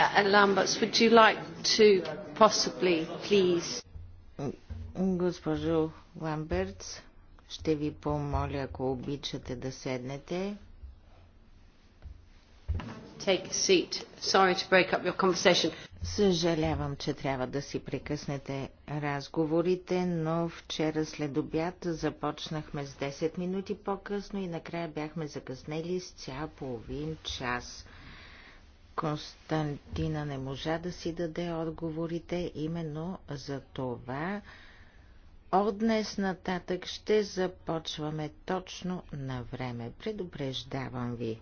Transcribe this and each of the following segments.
Uh, Lamberts, would you like to possibly, please? Госпожо Ламбертс, ще ви помоля, ако обичате да седнете. Take a seat. Sorry to break up your conversation. Съжалявам, че трябва да си прекъснете разговорите, но вчера след обяд започнахме с 10 минути по-късно и накрая бяхме закъснели с цял половин час. Константина не можа да си даде отговорите, именно за това от днес нататък ще започваме точно на време. Предупреждавам ви.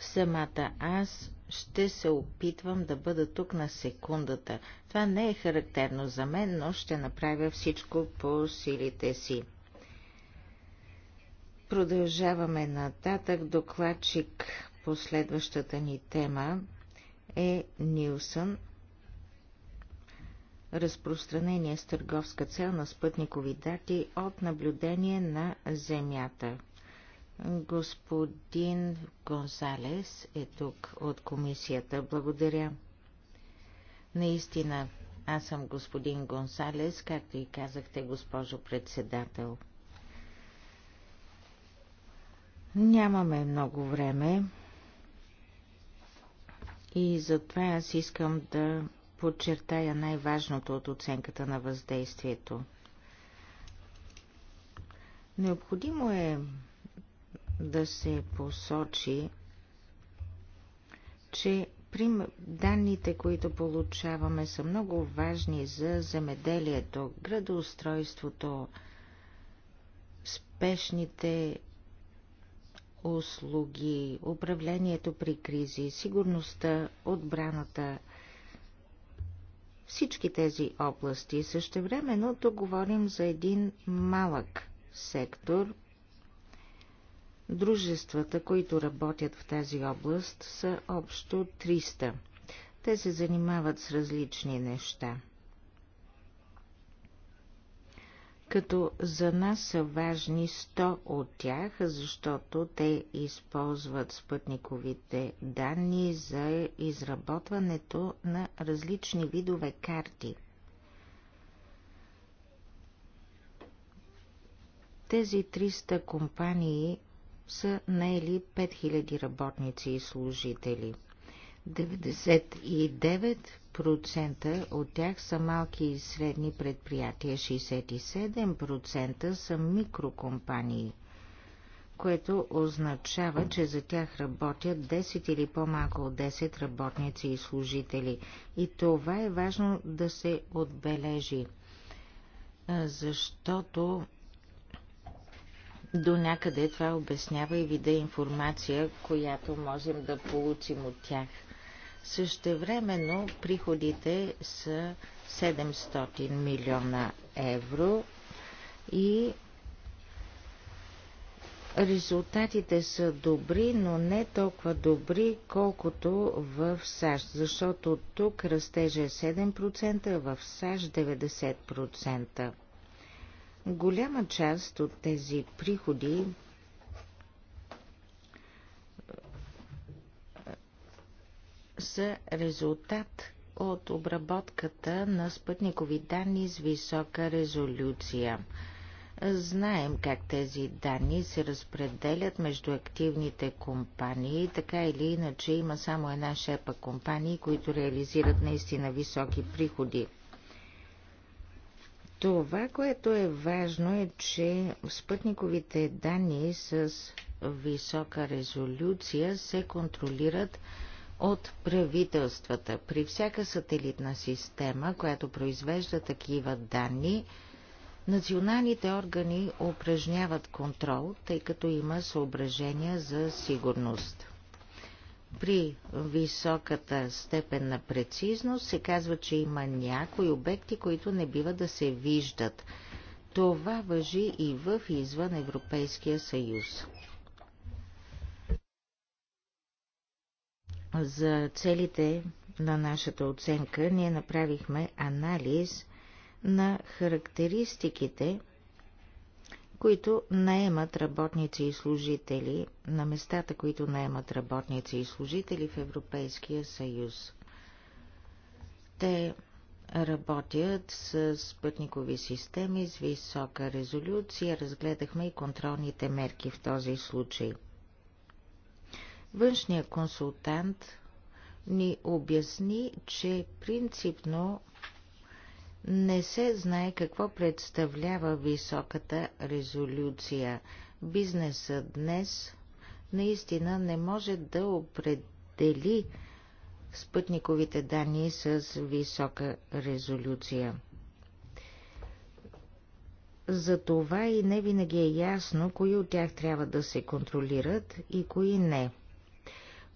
Самата аз ще се опитвам да бъда тук на секундата. Това не е характерно за мен, но ще направя всичко по силите си. Продължаваме нататък. Докладчик по следващата ни тема е Нилсън. Разпространение с търговска цел на спътникови дати от наблюдение на Земята. Господин Гонзалес е тук от комисията. Благодаря. Наистина, аз съм господин Гонсалес, както и казахте, госпожо председател. Нямаме много време и затова аз искам да подчертая най-важното от оценката на въздействието. Необходимо е да се посочи, че данните, които получаваме, са много важни за земеделието, градоустройството, спешните услуги, управлението при кризи, сигурността, отбраната, всички тези области. Същевременно тук говорим за един малък сектор. Дружествата, които работят в тази област, са общо 300. Те се занимават с различни неща – като за нас са важни 100 от тях, защото те използват спътниковите данни за изработването на различни видове карти. Тези 300 компании са наели 5000 работници и служители. 99 5% от тях са малки и средни предприятия, 67% са микрокомпании, което означава, че за тях работят 10 или по-малко от 10 работници и служители. И това е важно да се отбележи, защото до някъде това обяснява и вида информация, която можем да получим от тях – Същевременно приходите са 700 милиона евро и резултатите са добри, но не толкова добри, колкото в САЩ, защото тук растежа е 7%, а в САЩ 90%. Голяма част от тези приходи са резултат от обработката на спътникови данни с висока резолюция. Знаем как тези данни се разпределят между активните компании, така или иначе има само една шепа компании, които реализират наистина високи приходи. Това, което е важно е, че спътниковите данни с висока резолюция се контролират от правителствата. При всяка сателитна система, която произвежда такива данни, националните органи упражняват контрол, тъй като има съображения за сигурност. При високата степен на прецизност се казва, че има някои обекти, които не бива да се виждат. Това въжи и в извън Европейския съюз. За целите на нашата оценка ние направихме анализ на характеристиките, които наемат работници и служители на местата, които наемат работници и служители в Европейския съюз. Те работят с пътникови системи с висока резолюция. Разгледахме и контролните мерки в този случай – Външният консултант ни обясни, че принципно не се знае какво представлява високата резолюция. Бизнесът днес наистина не може да определи спътниковите данни с висока резолюция. Затова и не винаги е ясно, кои от тях трябва да се контролират и кои не –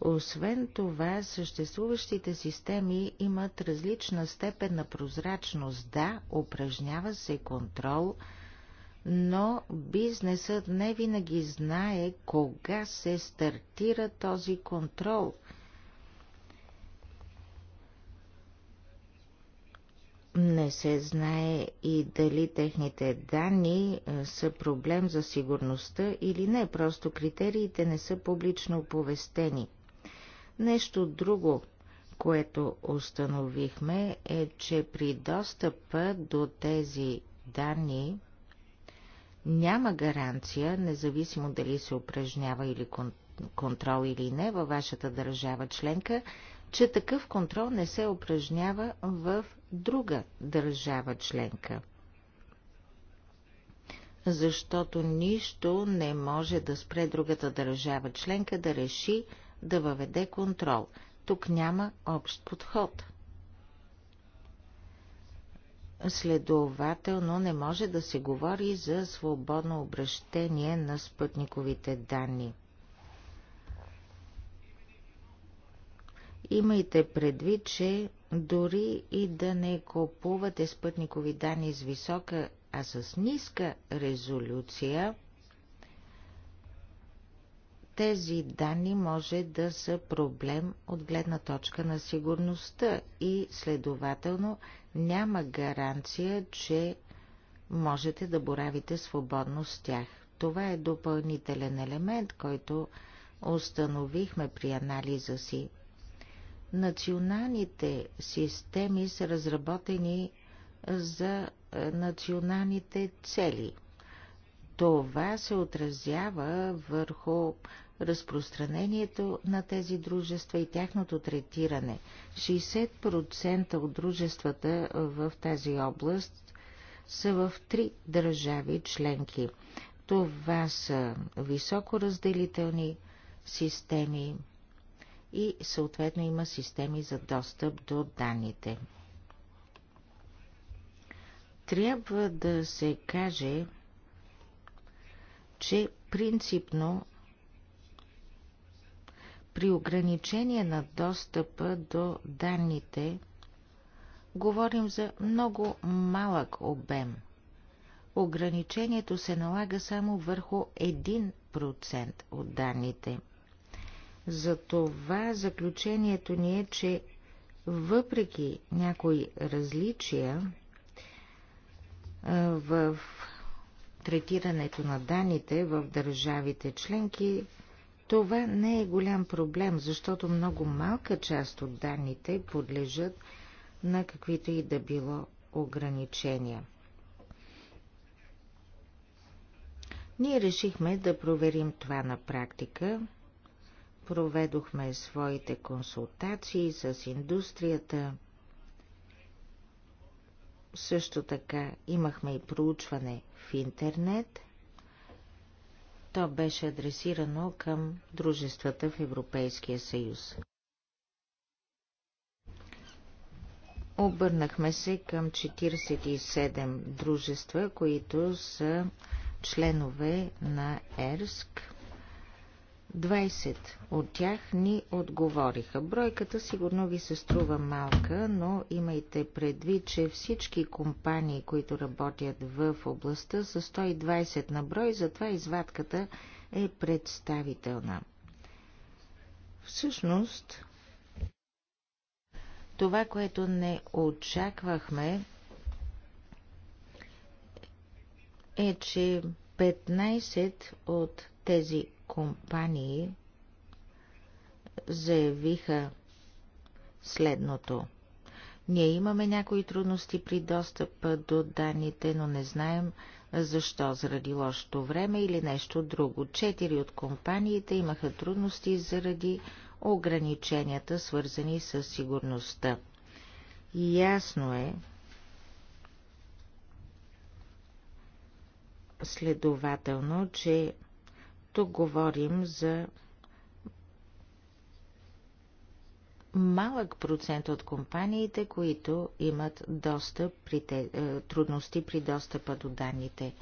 освен това, съществуващите системи имат различна степен на прозрачност. Да, упражнява се контрол, но бизнесът не винаги знае кога се стартира този контрол. Не се знае и дали техните данни е, са проблем за сигурността или не, просто критериите не са публично оповестени. Нещо друго, което установихме е, че при достъпа до тези данни няма гаранция, независимо дали се упражнява или кон контрол или не във вашата държава членка, че такъв контрол не се упражнява в друга държава членка. Защото нищо не може да спре другата държава членка да реши да въведе контрол. Тук няма общ подход. Следователно не може да се говори за свободно обращение на спътниковите данни. Имайте предвид, че дори и да не купувате спътникови данни с висока, а с ниска резолюция – тези данни може да са проблем от гледна точка на сигурността и следователно няма гаранция, че можете да боравите свободно с тях. Това е допълнителен елемент, който установихме при анализа си. Националните системи са разработени за е, националните цели. Това се отразява върху разпространението на тези дружества и тяхното третиране. 60% от дружествата в тази област са в три държави членки. Това са високоразделителни системи и съответно има системи за достъп до данните. Трябва да се каже, че принципно при ограничение на достъпа до данните говорим за много малък обем. Ограничението се налага само върху 1% от данните. Затова заключението ни е, че въпреки някои различия в третирането на данните в държавите членки, това не е голям проблем, защото много малка част от данните подлежат на каквито и да било ограничения. Ние решихме да проверим това на практика. Проведохме своите консултации с индустрията. Също така имахме и проучване в интернет – то беше адресирано към дружествата в Европейския съюз. Обърнахме се към 47 дружества, които са членове на ЕРСК, 20 от тях ни отговориха. Бройката сигурно ви се струва малка, но имайте предвид, че всички компании, които работят в областта, са 120 на брой, затова извадката е представителна. Всъщност, това, което не очаквахме, е, че 15 от тези компании заявиха следното. Ние имаме някои трудности при достъпа до данните, но не знаем защо, заради лошото време или нещо друго. Четири от компаниите имаха трудности заради ограниченията, свързани с сигурността. Ясно е, следователно, че тук говорим за малък процент от компаниите, които имат достъп при те, е, трудности при достъпа до данните.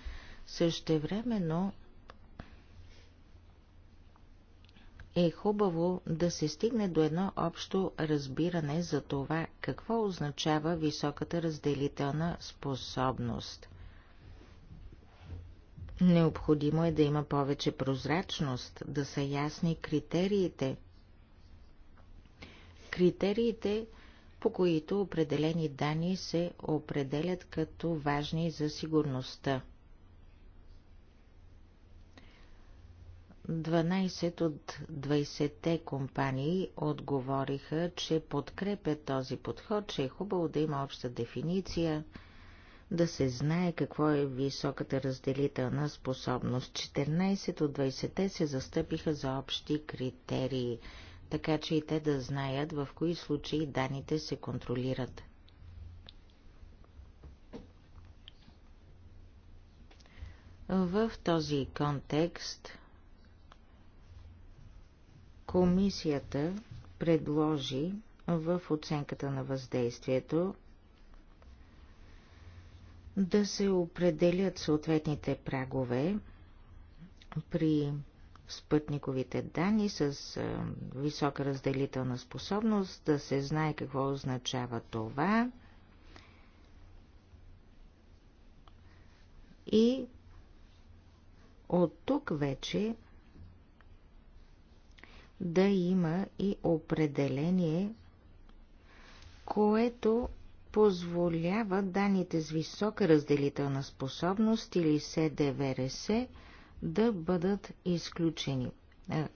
Същевременно е хубаво да се стигне до едно общо разбиране за това, какво означава високата разделителна способност. Необходимо е да има повече прозрачност, да са ясни критериите. Критериите, по които определени данни се определят като важни за сигурността. 12 от 20-те компании отговориха, че подкрепят този подход, че е хубаво да има обща дефиниция – да се знае какво е високата разделителна способност. 14 от 20-те се застъпиха за общи критерии, така че и те да знаят в кои случаи данните се контролират. В този контекст комисията предложи в оценката на въздействието да се определят съответните прагове при спътниковите данни с висока разделителна способност, да се знае какво означава това и от тук вече да има и определение, което позволява данните с висока разделителна способност или СДВРС да бъдат изключени е,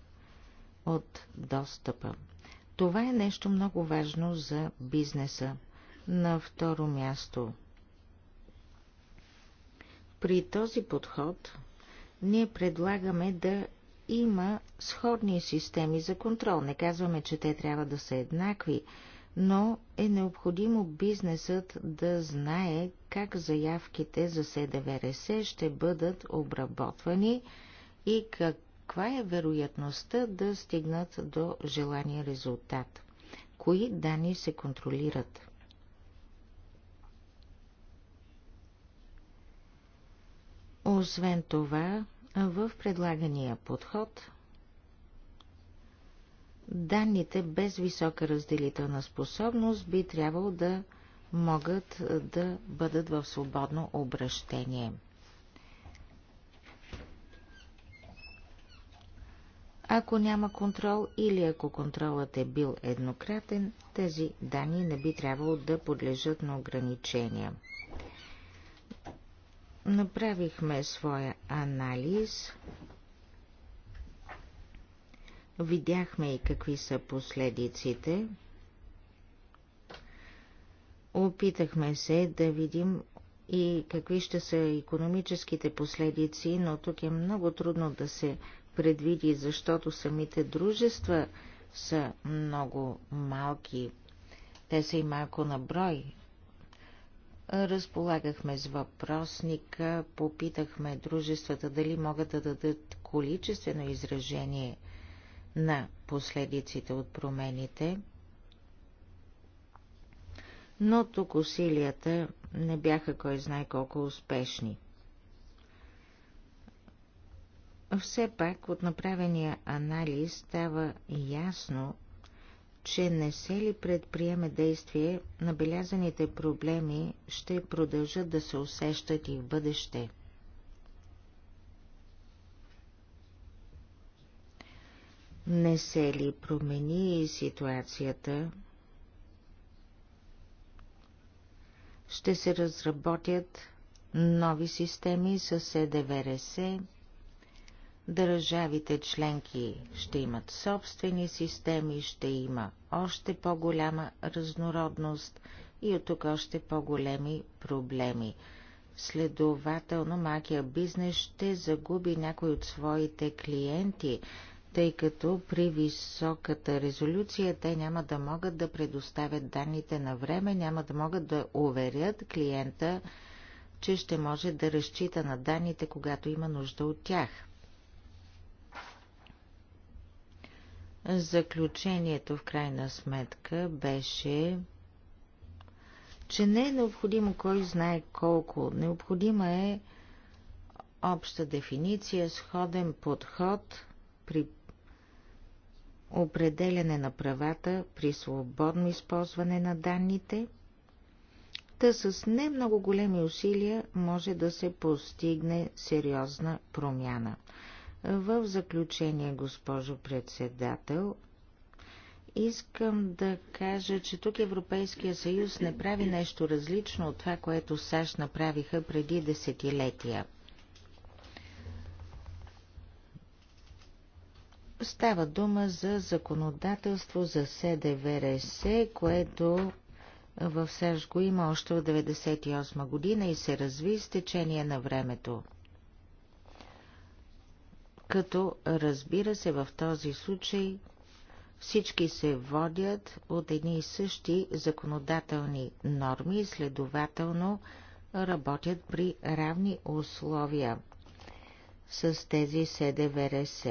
от достъпа. Това е нещо много важно за бизнеса. На второ място. При този подход ние предлагаме да има сходни системи за контрол. Не казваме, че те трябва да са еднакви, но е необходимо бизнесът да знае как заявките за СДВРС ще бъдат обработвани и каква е вероятността да стигнат до желания резултат. Кои данни се контролират? Освен това, в предлагания подход Данните без висока разделителна способност би трябвало да могат да бъдат в свободно обращение. Ако няма контрол или ако контролът е бил еднократен, тези данни не би трябвало да подлежат на ограничения. Направихме своя анализ Видяхме и какви са последиците. Опитахме се да видим и какви ще са економическите последици, но тук е много трудно да се предвиди, защото самите дружества са много малки. Те са и малко на брой. Разполагахме с въпросника, попитахме дружествата дали могат да дадат количествено изражение – на последиците от промените, но тук усилията не бяха кой знае колко успешни. Все пак от направения анализ става ясно, че не се ли предприеме действие, набелязаните проблеми ще продължат да се усещат и в бъдеще – Не се ли промени ситуацията? Ще се разработят нови системи с СДВРС. Държавите членки ще имат собствени системи, ще има още по-голяма разнородност и от тук още по-големи проблеми. Следователно, макия бизнес ще загуби някой от своите клиенти, тъй като при високата резолюция те няма да могат да предоставят данните на време, няма да могат да уверят клиента, че ще може да разчита на данните, когато има нужда от тях. Заключението в крайна сметка беше, че не е необходимо кой знае колко. Необходима е обща дефиниция, сходен подход при определяне на правата при свободно използване на данните, та с не много големи усилия може да се постигне сериозна промяна. В заключение, госпожо председател, искам да кажа, че тук Европейския съюз не прави нещо различно от това, което САЩ направиха преди десетилетия – Става дума за законодателство за СДВРС, което в САЩ го има още от 1998 година и се разви с течение на времето. Като разбира се в този случай всички се водят от едни и същи законодателни норми и следователно работят при равни условия с тези СДВРС.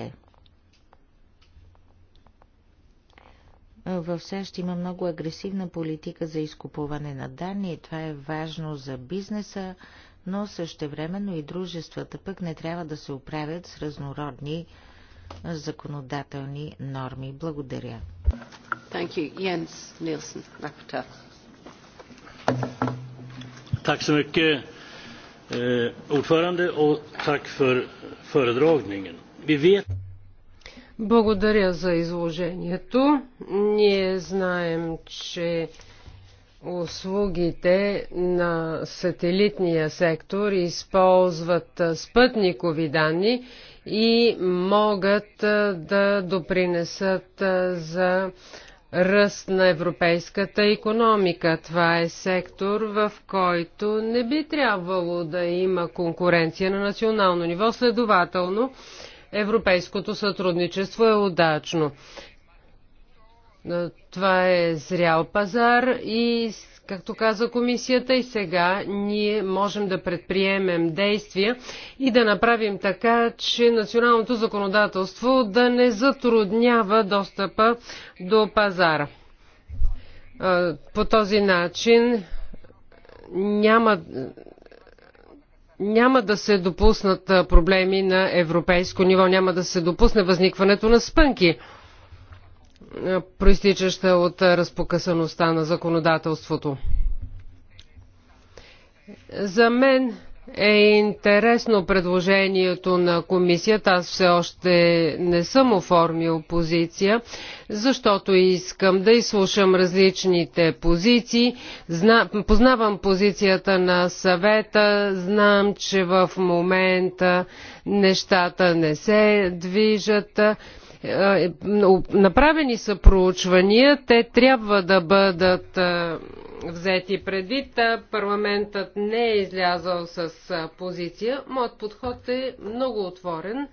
В САЩ има много агресивна политика за изкупуване на данни и това е важно за бизнеса, но същевременно и дружествата пък не трябва да се оправят с разнородни законодателни норми. Благодаря. Thank you. Jens Nielsen, rapporteur. så mycket, eh, ordförande, och tack för föredragningen. Vi vet благодаря за изложението. Ние знаем, че услугите на сателитния сектор използват спътникови данни и могат да допринесат за ръст на европейската економика. Това е сектор, в който не би трябвало да има конкуренция на национално ниво. Следователно, европейското сътрудничество е удачно. Е, това е зрял пазар и, както каза комисията, и сега ние можем да предприемем действия и да направим така, че националното законодателство да не затруднява достъпа до пазара. Е, по този начин няма няма да се допуснат проблеми на европейско ниво, няма да се допусне възникването на спънки, проистичаща от разпокъсаността на законодателството. За мен е интересно предложението на комисията. Аз все още не съм оформил позиция, защото искам да изслушам различните позиции. Зна... Познавам позицията на съвета, знам, че в момента нещата не се движат. Е, е, направени са проучвания, те трябва да бъдат е, взети предвид. Парламентът не е излязал с позиция. Моят подход е много отворен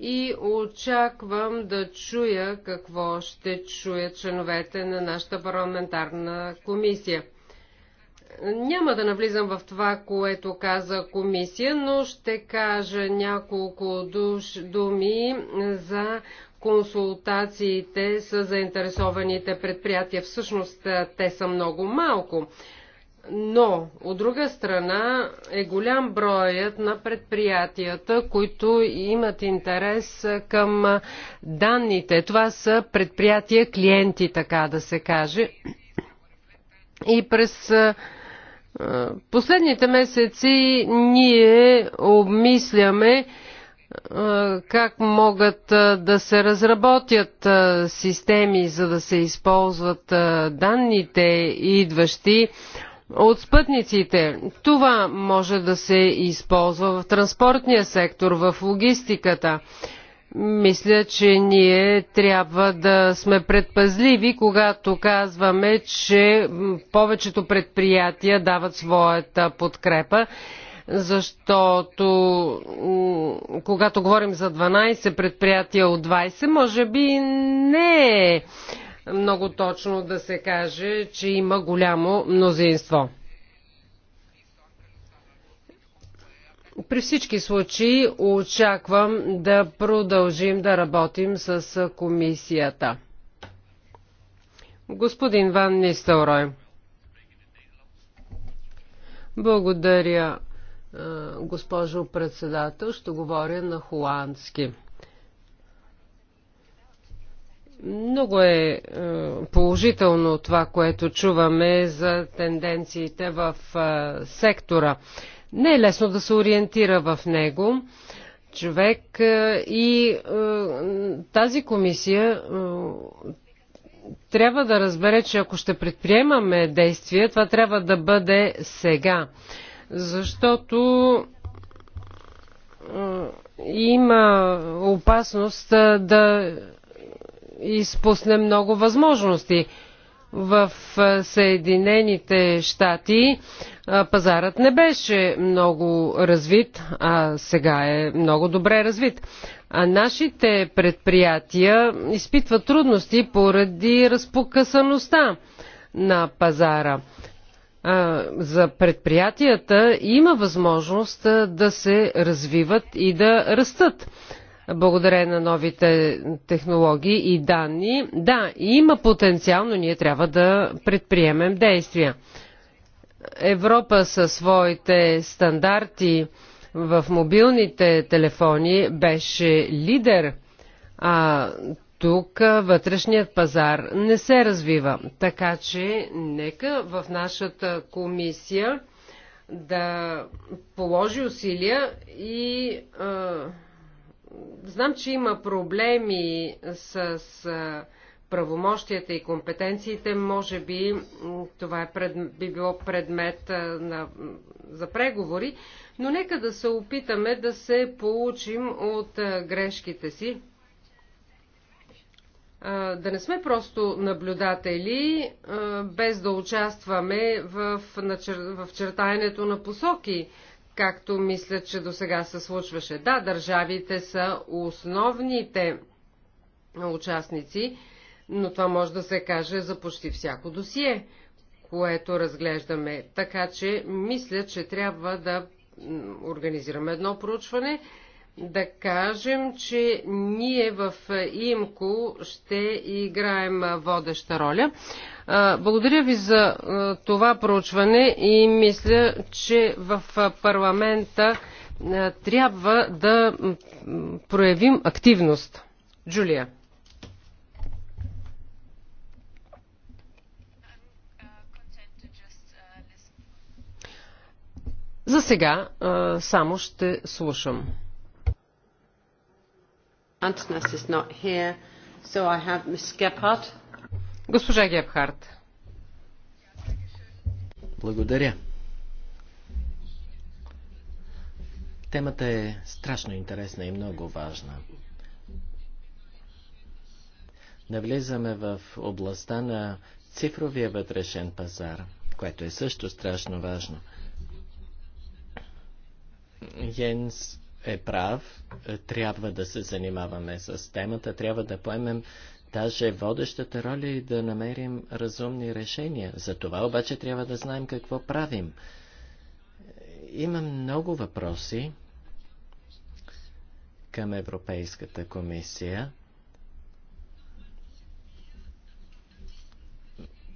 и очаквам да чуя какво ще чуят членовете на нашата парламентарна комисия. Няма да навлизам в това, което каза комисия, но ще кажа няколко душ, думи за консултациите с заинтересованите предприятия. Всъщност те са много малко. Но, от друга страна, е голям броят на предприятията, които имат интерес към данните. Това са предприятия клиенти, така да се каже. И през е, последните месеци ние обмисляме е, как могат е, да се разработят системи, за да се използват данните, идващи от спътниците. Това може да се използва в транспортния сектор, в логистиката. Мисля, че ние трябва да сме предпазливи, когато казваме, че повечето предприятия дават своята подкрепа защото когато говорим за 12 предприятия от 20, може би не е много точно да се каже, че има голямо мнозинство. При всички случаи очаквам да продължим да работим с комисията. Господин Ван Нистелрой. Благодаря, госпожо председател. Ще говоря на холандски. Много е положително това, което чуваме за тенденциите в сектора. Не е лесно да се ориентира в него човек е, и е, тази комисия е, трябва да разбере, че ако ще предприемаме действия, това трябва да бъде сега. Защото има опасност да изпусне много възможности в Съединените щати пазарът не беше много развит, а сега е много добре развит. А нашите предприятия изпитват трудности поради разпокъсаността на пазара. За предприятията има възможност да се развиват и да растат благодарение на новите технологии и данни. Да, има потенциал, но ние трябва да предприемем действия. Европа със своите стандарти в мобилните телефони беше лидер, а тук вътрешният пазар не се развива. Така че нека в нашата комисия да положи усилия и знам, че има проблеми с правомощията и компетенциите. Може би това е пред, би било предмет на, за преговори, но нека да се опитаме да се получим от грешките си. Да не сме просто наблюдатели, без да участваме в, в чертаенето на посоки както мисля, че до сега се случваше. Да, държавите са основните участници, но това може да се каже за почти всяко досие, което разглеждаме. Така че мисля, че трябва да организираме едно проучване, да кажем, че ние в ИМКО ще играем водеща роля. Благодаря ви за това проучване и мисля, че в парламента трябва да проявим активност. Джулия. За сега само ще слушам. Госпожа Гепхарт. Благодаря. Темата е страшно интересна и много важна. Навлизаме в областта на цифровия вътрешен пазар, което е също страшно важно. Йенс е прав, е, трябва да се занимаваме с темата, трябва да поемем даже водещата роля и да намерим разумни решения. За това обаче трябва да знаем какво правим. Има много въпроси към Европейската комисия.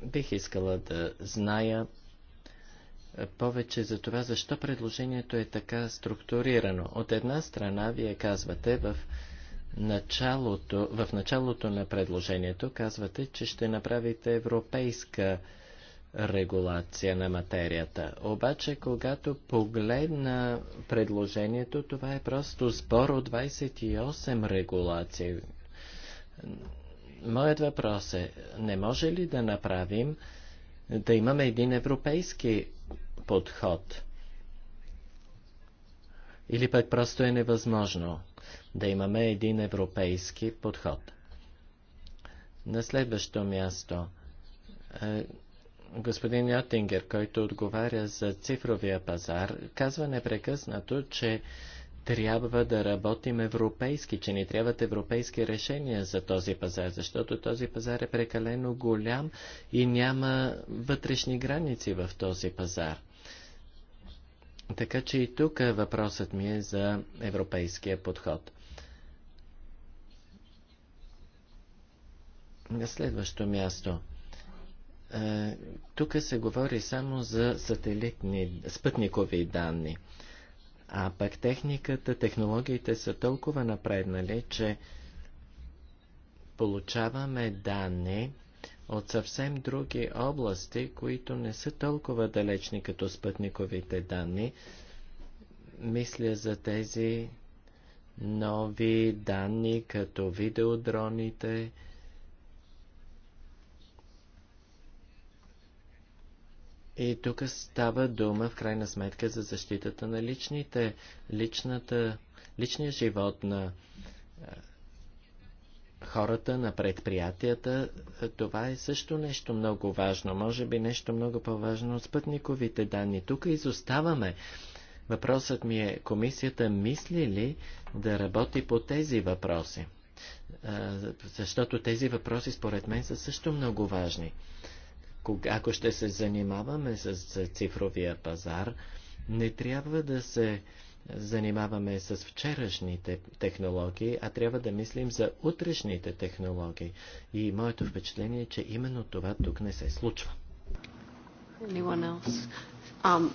Бих искала да зная повече за това, защо предложението е така структурирано. От една страна, вие казвате в началото, в началото на предложението, казвате, че ще направите европейска регулация на материята. Обаче, когато погледна предложението, това е просто сбор от 28 регулации. Моят въпрос е, не може ли да направим да имаме един европейски подход. Или пък просто е невъзможно да имаме един европейски подход. На следващо място, е, господин Йотингер, който отговаря за цифровия пазар, казва непрекъснато, че трябва да работим европейски, че ни трябват европейски решения за този пазар, защото този пазар е прекалено голям и няма вътрешни граници в този пазар. Така че и тук въпросът ми е за европейския подход. На следващо място. Е, тук се говори само за сателитни, спътникови данни. А пък техниката, технологиите са толкова напреднали, че получаваме данни от съвсем други области, които не са толкова далечни като спътниковите данни. Мисля за тези нови данни, като видеодроните, И тук става дума в крайна сметка за защитата на личните, личната, личния живот на хората, на предприятията. Това е също нещо много важно. Може би нещо много по-важно от спътниковите данни. Тук изоставаме. Въпросът ми е, комисията мисли ли да работи по тези въпроси? Защото тези въпроси, според мен, са също много важни. Ако ще се занимаваме с цифровия пазар, не трябва да се занимаваме с вчерашните технологии, а трябва да мислим за утрешните технологии. И моето впечатление е, че именно това тук не се случва. Um,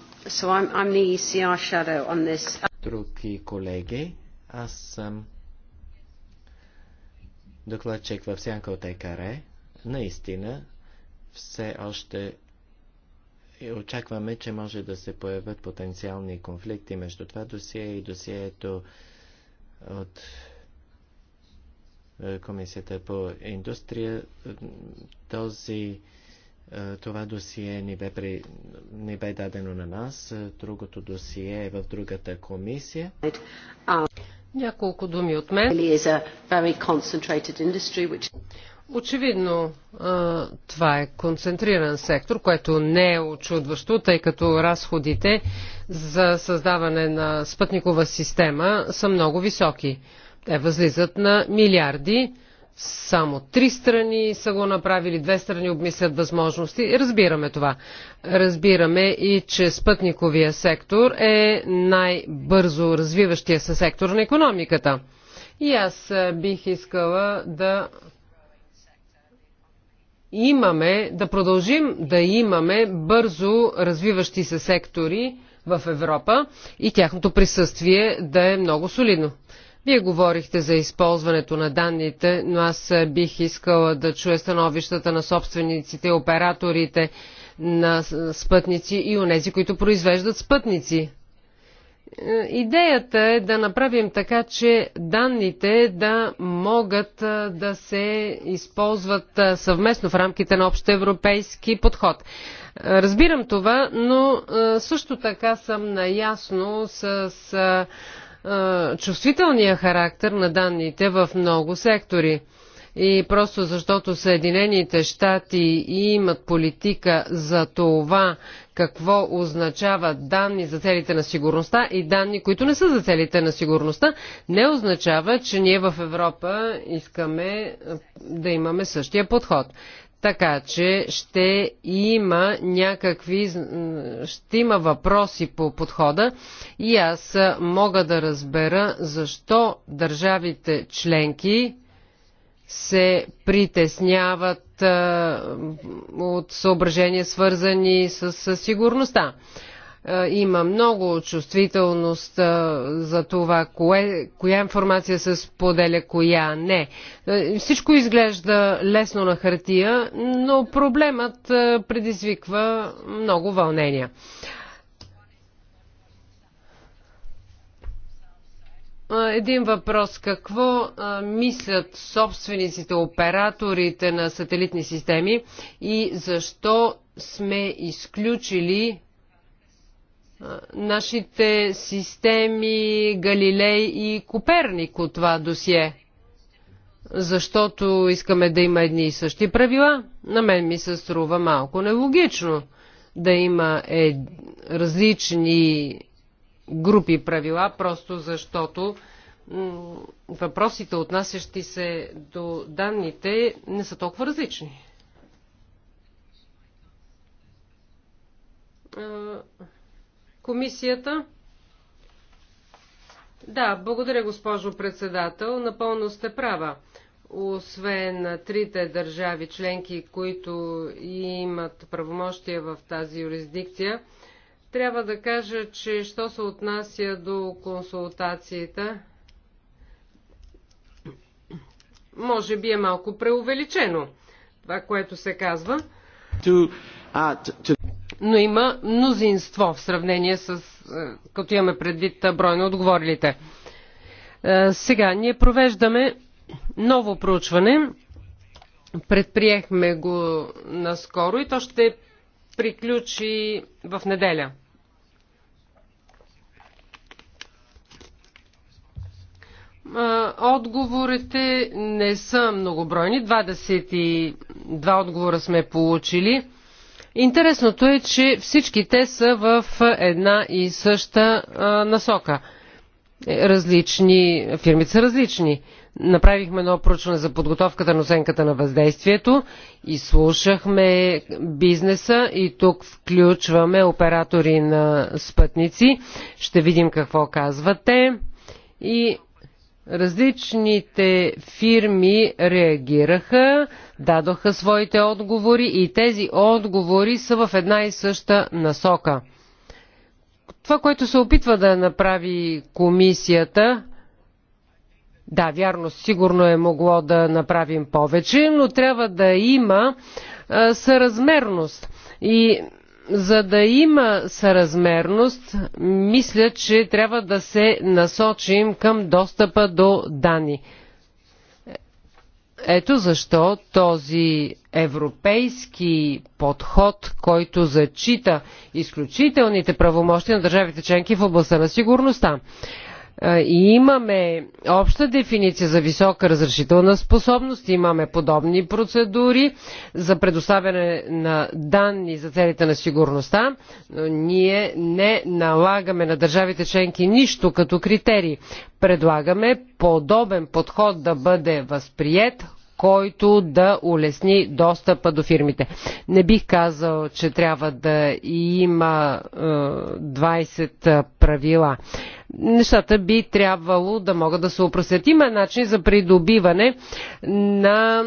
e Други колеги, аз съм докладчик в сянка от ЕКАРЕ. Наистина, все още очакваме, че може да се появят потенциални конфликти между това досие и досието от е, Комисията по индустрия. Този, е, това досие ни бе, при, ни бе дадено на нас. Другото досие е в другата комисия. Няколко думи от мен. Очевидно това е концентриран сектор, което не е очудващо, тъй като разходите за създаване на спътникова система са много високи. Те възлизат на милиарди. Само три страни са го направили, две страни обмислят възможности. Разбираме това. Разбираме и, че спътниковия сектор е най-бързо развиващия се сектор на економиката. И аз бих искала да имаме, да продължим да имаме бързо развиващи се сектори в Европа и тяхното присъствие да е много солидно. Вие говорихте за използването на данните, но аз бих искала да чуя становищата на собствениците, операторите на спътници и онези, които произвеждат спътници. Е, идеята е да направим така, че данните да могат е, да се използват е, съвместно в рамките на общ европейски подход. Разбирам това, но също така съм наясно с чувствителния характер на данните в много сектори. И просто защото Съединените щати имат политика за това, какво означава данни за целите на сигурността и данни, които не са за целите на сигурността, не означава, че ние в Европа искаме да имаме същия подход. Така че ще има някакви, ще има въпроси по подхода и аз мога да разбера защо държавите членки се притесняват а, от съображения, свързани с, с сигурността. А, има много чувствителност а, за това, кое, коя информация се споделя, коя не. А, всичко изглежда лесно на хартия, но проблемът а, предизвиква много вълнения. Един въпрос. Какво мислят собствениците, операторите на сателитни системи и защо сме изключили нашите системи Галилей и Коперник от това досие? Защото искаме да има едни и същи правила? На мен ми се струва малко нелогично да има е, различни групи правила, просто защото въпросите, отнасящи се до данните, не са толкова различни. Комисията. Да, благодаря, госпожо председател. Напълно сте права. Освен трите държави членки, които имат правомощия в тази юрисдикция, трябва да кажа, че що се отнася до консултацията, може би е малко преувеличено това, което се казва. Но има мнозинство в сравнение с, е, като имаме предвид брой на отговорилите. Е, сега, ние провеждаме ново проучване. Предприехме го наскоро и то ще приключи в неделя. Отговорите не са многобройни. 22 отговора сме получили. Интересното е, че всички те са в една и съща насока. Е, различни, фирмите са различни. Направихме едно проучване за подготовката на оценката на въздействието и слушахме бизнеса и тук включваме оператори на спътници. Ще видим какво казвате и Различните фирми реагираха, дадоха своите отговори и тези отговори са в една и съща насока. Това, което се опитва да направи комисията, да, вярно, сигурно е могло да направим повече, но трябва да има съразмерност. И за да има съразмерност, мисля, че трябва да се насочим към достъпа до данни. Ето защо този европейски подход, който зачита изключителните правомощи на държавите членки в областта на сигурността и имаме обща дефиниция за висока разрешителна способност, имаме подобни процедури за предоставяне на данни за целите на сигурността, но ние не налагаме на държавите членки нищо като критерии. Предлагаме подобен подход да бъде възприят, който да улесни достъпа до фирмите. Не бих казал, че трябва да има 20 е, правила нещата би трябвало да могат да се упростят. Има начин за придобиване на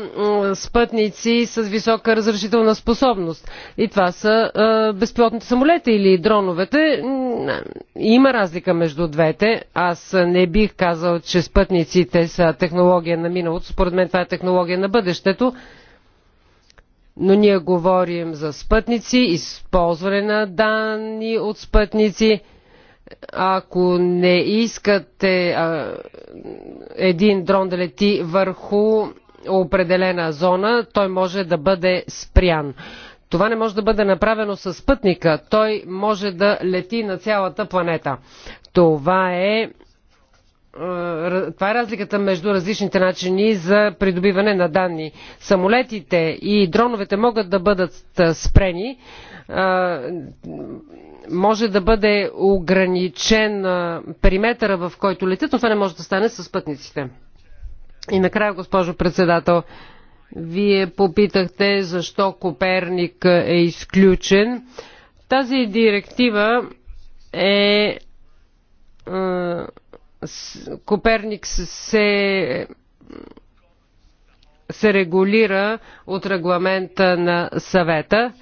спътници с висока разрешителна способност. И това са безпилотните самолети или дроновете. Има разлика между двете. Аз не бих казал, че спътниците са технология на миналото. Според мен това е технология на бъдещето но ние говорим за спътници, използване на данни от спътници ако не искате а, един дрон да лети върху определена зона, той може да бъде спрян. Това не може да бъде направено с пътника. Той може да лети на цялата планета. Това е, е това е разликата между различните начини за придобиване на данни. Самолетите и дроновете могат да бъдат спрени може да бъде ограничен периметъра, в който летят, но това не може да стане с пътниците. И накрая, госпожо председател, вие попитахте защо Коперник е изключен. Тази директива е. Коперник се се регулира от регламента на съвета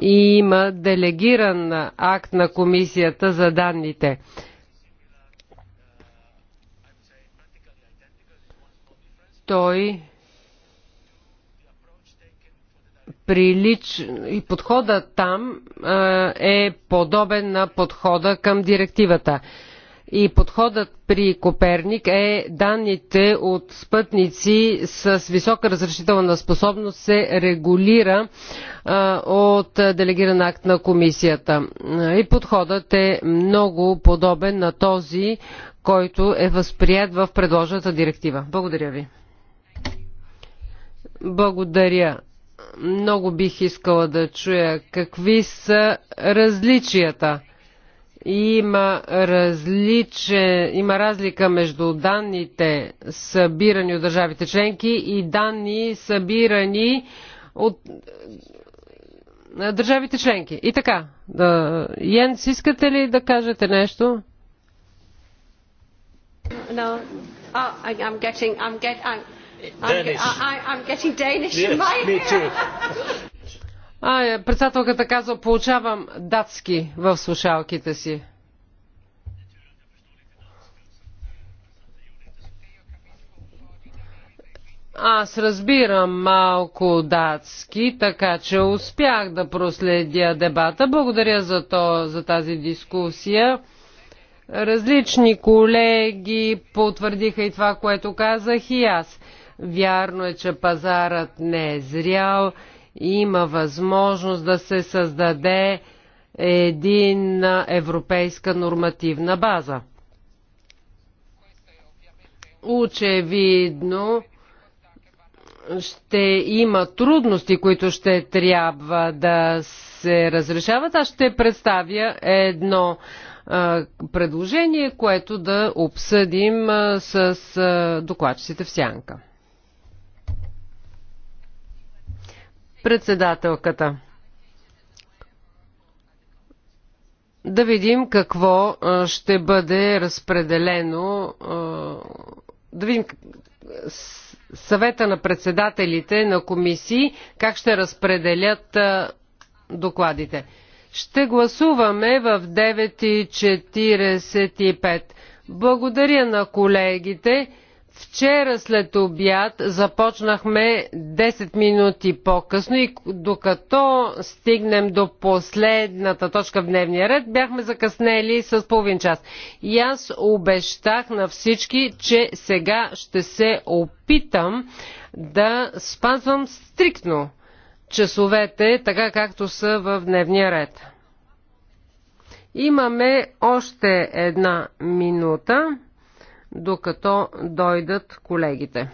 и има делегиран акт на комисията за данните. Той прилич... и подхода там е подобен на подхода към директивата и подходът при Коперник е данните от спътници с висока разрешителна способност се регулира а, от делегиран акт на комисията. И подходът е много подобен на този, който е възприят в предложената директива. Благодаря ви. Благодаря. Много бих искала да чуя какви са различията – има, различие, има разлика между данните събирани от държавите членки и данни събирани от е, държавите членки. И така, да, Йенс, искате ли да кажете нещо? No. Oh, I, I'm getting, I'm, get, I'm, I'm, I, I'm getting Danish yes, in my... me too. А, е, председателката казва, получавам датски в слушалките си. Аз разбирам малко датски, така че успях да проследя дебата. Благодаря за, то, за тази дискусия. Различни колеги потвърдиха и това, което казах и аз. Вярно е, че пазарът не е зрял има възможност да се създаде един европейска нормативна база. Очевидно ще има трудности, които ще трябва да се разрешават. Аз ще представя едно предложение, което да обсъдим с докладчиците в сянка. Председателката. Да видим какво ще бъде разпределено. Да видим съвета на председателите на комисии как ще разпределят докладите. Ще гласуваме в 9.45. Благодаря на колегите. Вчера след обяд започнахме 10 минути по-късно и докато стигнем до последната точка в дневния ред, бяхме закъснели с половин час. И аз обещах на всички, че сега ще се опитам да спазвам стриктно часовете, така както са в дневния ред. Имаме още една минута докато дойдат колегите.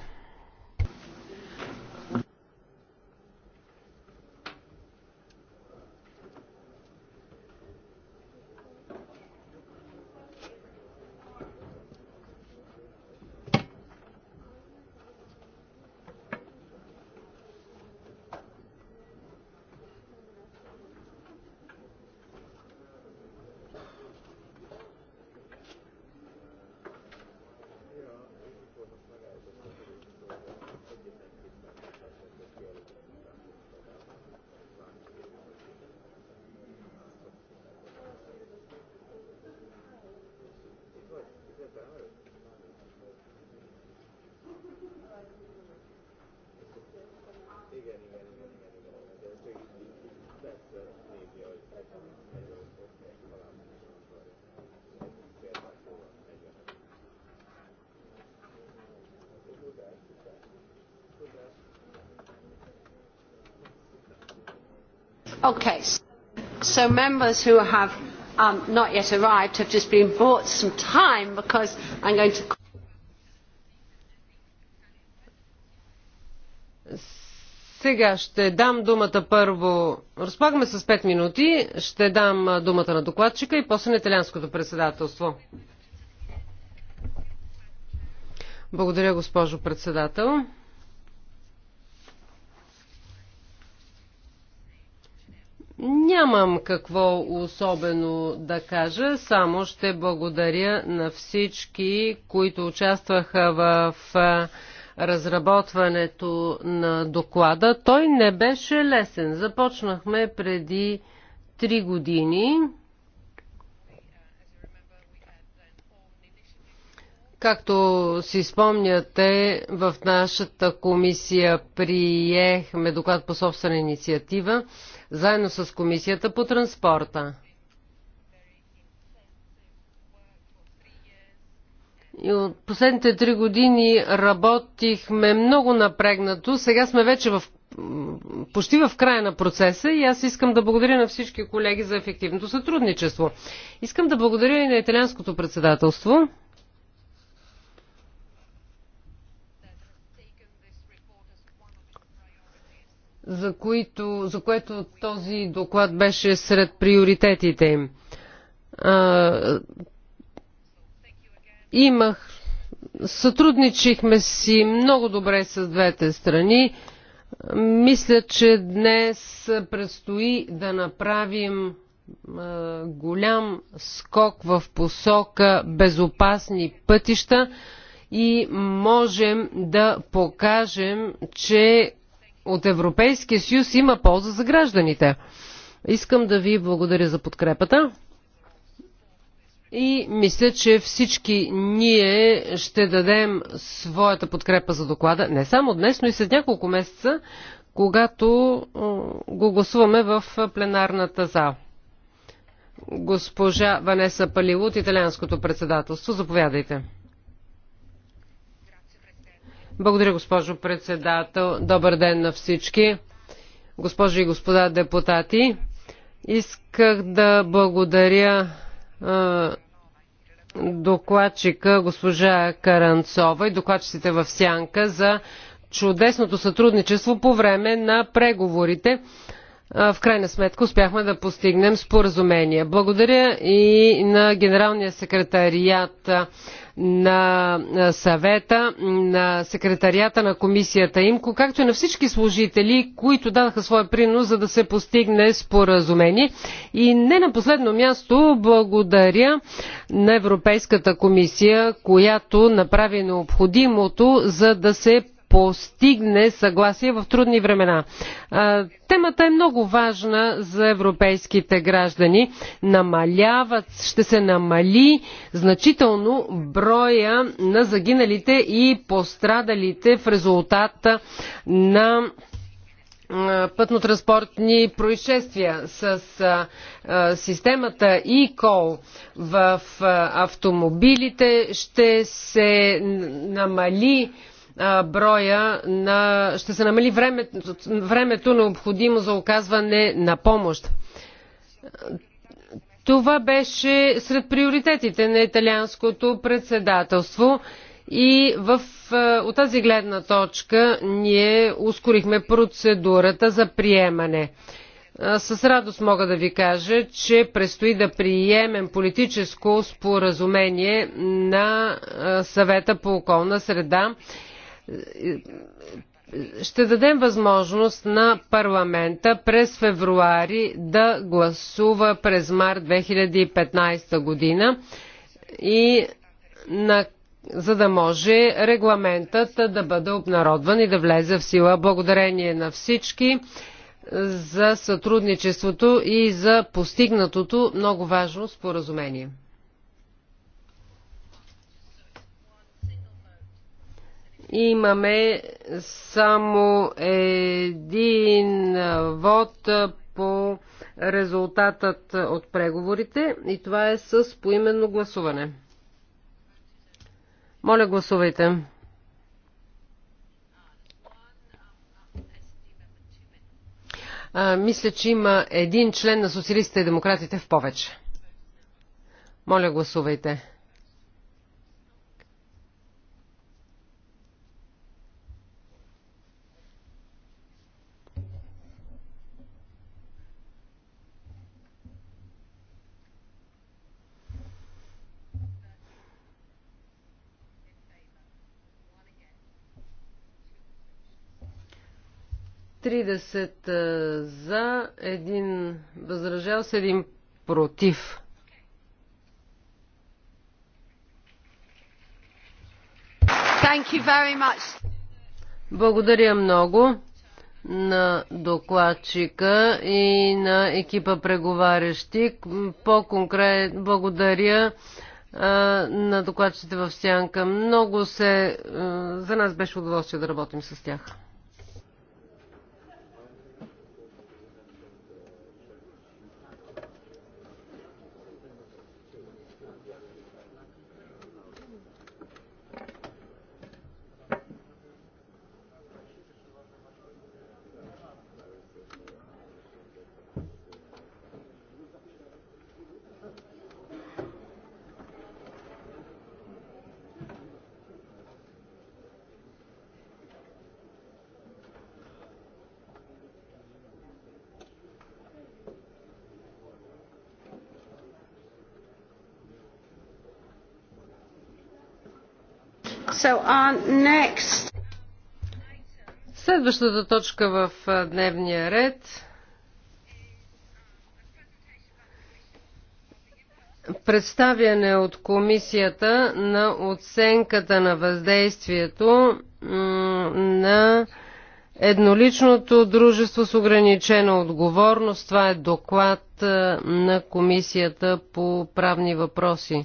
So members who have um, not yet arrived have just been bought some time because I'm going to. Сега ще дам думата първо. Разполагаме с 5 минути. Ще дам думата на докладчика и после на италянското председателство. Благодаря, госпожо председател. Нямам какво особено да кажа, само ще благодаря на всички, които участваха в разработването на доклада. Той не беше лесен. Започнахме преди 3 години. Както си спомняте, в нашата комисия приехме доклад по собствена инициатива заедно с Комисията по транспорта. И от последните три години работихме много напрегнато. Сега сме вече в, почти в края на процеса и аз искам да благодаря на всички колеги за ефективното сътрудничество. Искам да благодаря и на италианското председателство. за, които, за което този доклад беше сред приоритетите им. А, имах, сътрудничихме си много добре с двете страни. Мисля, че днес предстои да направим голям скок в посока безопасни пътища и можем да покажем, че от Европейския съюз има полза за гражданите. Искам да ви благодаря за подкрепата и мисля, че всички ние ще дадем своята подкрепа за доклада, не само днес, но и след няколко месеца, когато го гласуваме в пленарната зала. Госпожа Ванеса Палило от италианското председателство, заповядайте. Благодаря, госпожо председател. Добър ден на всички. Госпожи и господа депутати, исках да благодаря докладчика госпожа Каранцова и докладчиците в Сянка за чудесното сътрудничество по време на преговорите. В крайна сметка успяхме да постигнем споразумение. Благодаря и на генералния секретарият на съвета, на секретарията на комисията ИМКО, както и на всички служители, които дадаха своя принос, за да се постигне споразумение. И не на последно място благодаря на Европейската комисия, която направи необходимото, за да се постигне съгласие в трудни времена. Темата е много важна за европейските граждани. Намаляват, ще се намали значително броя на загиналите и пострадалите в резултата на пътно-транспортни происшествия с системата e-call в автомобилите ще се намали броя на... ще се намали времето, времето необходимо за оказване на помощ. Това беше сред приоритетите на италианското председателство и в, от тази гледна точка ние ускорихме процедурата за приемане. С радост мога да ви кажа, че предстои да приемем политическо споразумение на съвета по околна среда ще дадем възможност на парламента през февруари да гласува през март 2015 година и на, за да може регламентът да бъде обнародван и да влезе в сила. Благодарение на всички за сътрудничеството и за постигнатото много важно споразумение. Имаме само един вод по резултатът от преговорите и това е с поименно гласуване. Моля, гласувайте. А, мисля, че има един член на социалистите и демократите в повече. Моля, гласувайте. 30 за, един възражал с един против. Thank you very much. Благодаря много на докладчика и на екипа преговарящи. По-конкретно благодаря а, на докладчите в Сянка. Много се... А, за нас беше удоволствие да работим с тях. Следващата точка в дневния ред представяне от комисията на оценката на въздействието на едноличното дружество с ограничена отговорност. Това е доклад на комисията по правни въпроси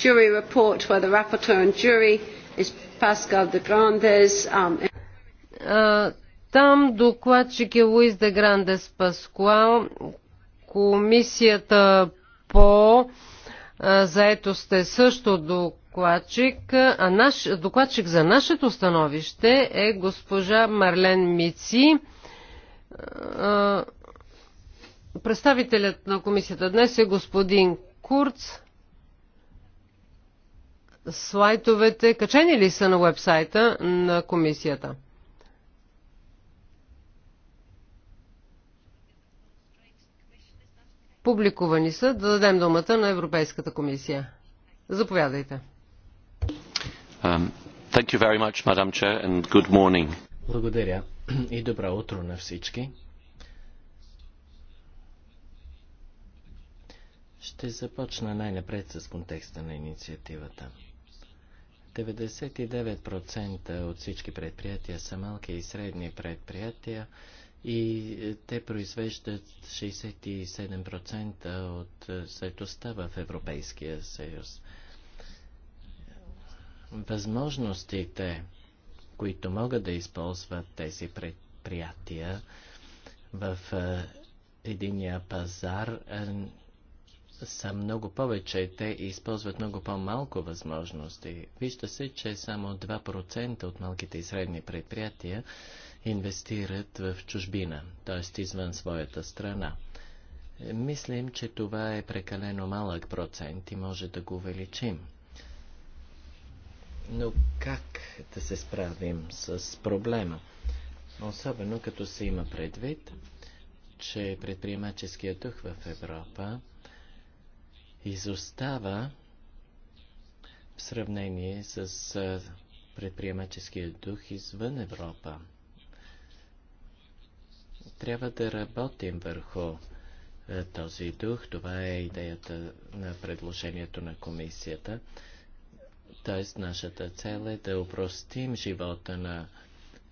jury report where the rapporteur and jury is Pascal de Grandes. Um, там докладчик е Луис де Грандес Паскуал. Комисията по заетост е също докладчик, а наш, докладчик за нашето становище е госпожа Марлен Мици. Представителят на комисията днес е господин Курц. Слайдовете качени ли са на вебсайта на комисията? Публикувани са. Да дадем думата на Европейската комисия. Заповядайте. Um, much, Chair, Благодаря и добро утро на всички. Ще започна най-напред с контекста на инициативата. 99% от всички предприятия са малки и средни предприятия и е, те произвеждат 67% от е, заедостта в Европейския съюз. Възможностите, които могат да използват тези предприятия в е, единия пазар, са много повече. Те използват много по-малко възможности. Вижда се, че само 2% от малките и средни предприятия инвестират в чужбина, т.е. извън своята страна. Мислим, че това е прекалено малък процент и може да го увеличим. Но как да се справим с проблема? Особено като се има предвид, че предприемаческият дух в Европа изостава в сравнение с предприемаческия дух извън Европа. Трябва да работим върху този дух. Това е идеята на предложението на комисията. Тоест, нашата цел е да упростим живота на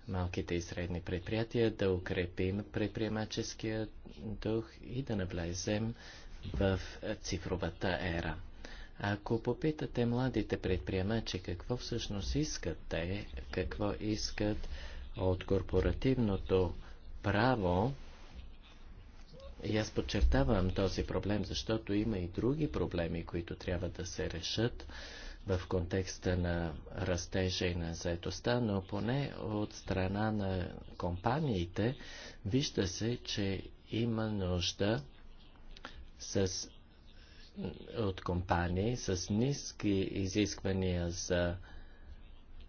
малките и средни предприятия, да укрепим предприемаческия дух и да навлезем в цифровата ера. Ако попитате младите предприемачи какво всъщност искат те, какво искат от корпоративното право, и аз подчертавам този проблем, защото има и други проблеми, които трябва да се решат в контекста на растежа и на заетостта, но поне от страна на компаниите вижда се, че има нужда с, от компании с ниски изисквания за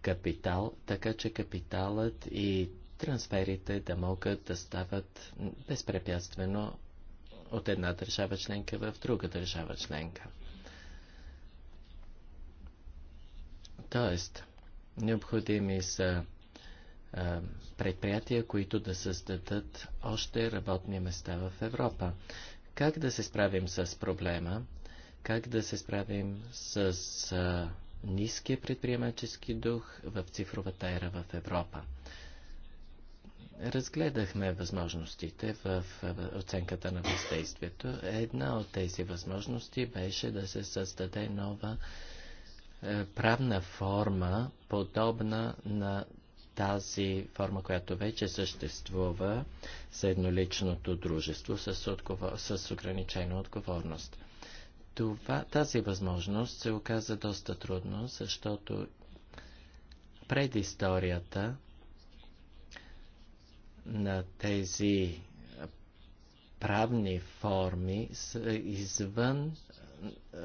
капитал, така че капиталът и трансферите да могат да стават безпрепятствено от една държава членка в друга държава членка. Тоест, необходими са предприятия, които да създадат още работни места в Европа. Как да се справим с проблема? Как да се справим с а, ниския предприемачески дух в цифровата ера в Европа? Разгледахме възможностите в оценката на въздействието. Една от тези възможности беше да се създаде нова е, правна форма, подобна на тази форма, която вече съществува за едноличното дружество с, отговор... с ограничена отговорност. Това, тази възможност се оказа доста трудно, защото предисторията на тези правни форми са извън е,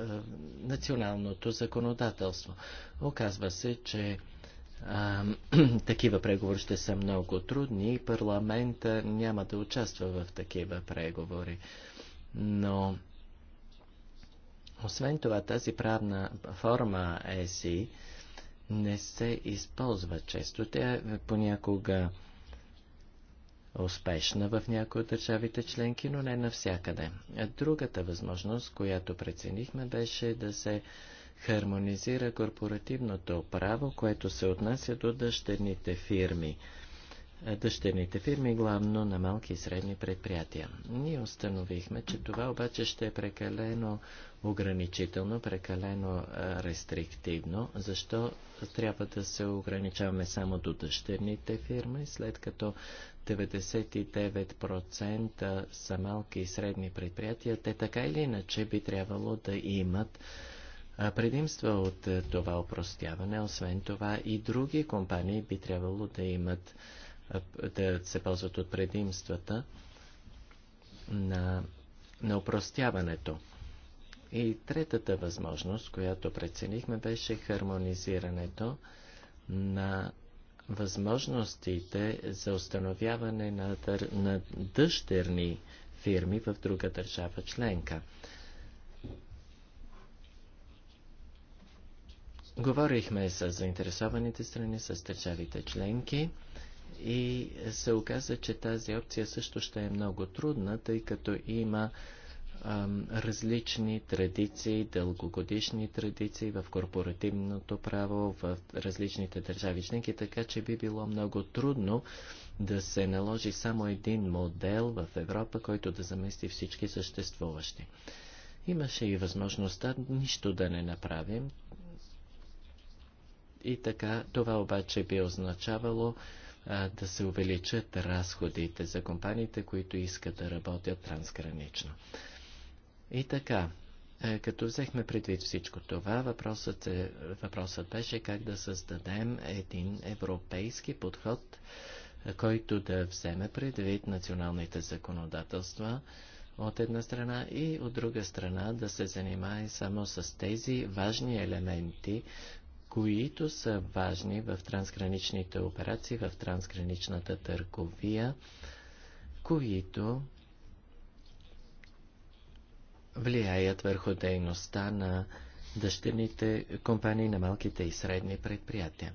националното законодателство. Оказва се, че такива преговори ще са много трудни и парламента няма да участва в такива преговори. Но освен това, тази правна форма ЕСИ не се използва често. Тя е понякога успешна в някои от държавите членки, но не навсякъде. Другата възможност, която преценихме, беше да се хармонизира корпоративното право, което се отнася до дъщерните фирми. Дъщерните фирми главно на малки и средни предприятия. Ние установихме, че това обаче ще е прекалено ограничително, прекалено рестриктивно. Защо трябва да се ограничаваме само до дъщерните фирми, след като 99% са малки и средни предприятия, те така или иначе би трябвало да имат предимства от е, това опростяване. Освен това и други компании би трябвало да имат, да се ползват от предимствата на, на опростяването. И третата възможност, която преценихме, беше хармонизирането на възможностите за установяване на, на дъщерни фирми в друга държава членка. Говорихме с заинтересованите страни, с държавите членки и се оказа, че тази опция също ще е много трудна, тъй като има ам, различни традиции, дългогодишни традиции в корпоративното право в различните държави членки, така че би било много трудно да се наложи само един модел в Европа, който да замести всички съществуващи. Имаше и възможността нищо да не направим, и така, това обаче би означавало а, да се увеличат разходите за компаниите, които искат да работят трансгранично. И така, а, е, като взехме предвид всичко това, въпросът, е, въпросът беше как да създадем един европейски подход, е, който да вземе предвид националните законодателства, от една страна и от друга страна да се занимае само с тези важни елементи, които са важни в трансграничните операции, в трансграничната търговия, които влияят върху дейността на дъщерните компании на малките и средни предприятия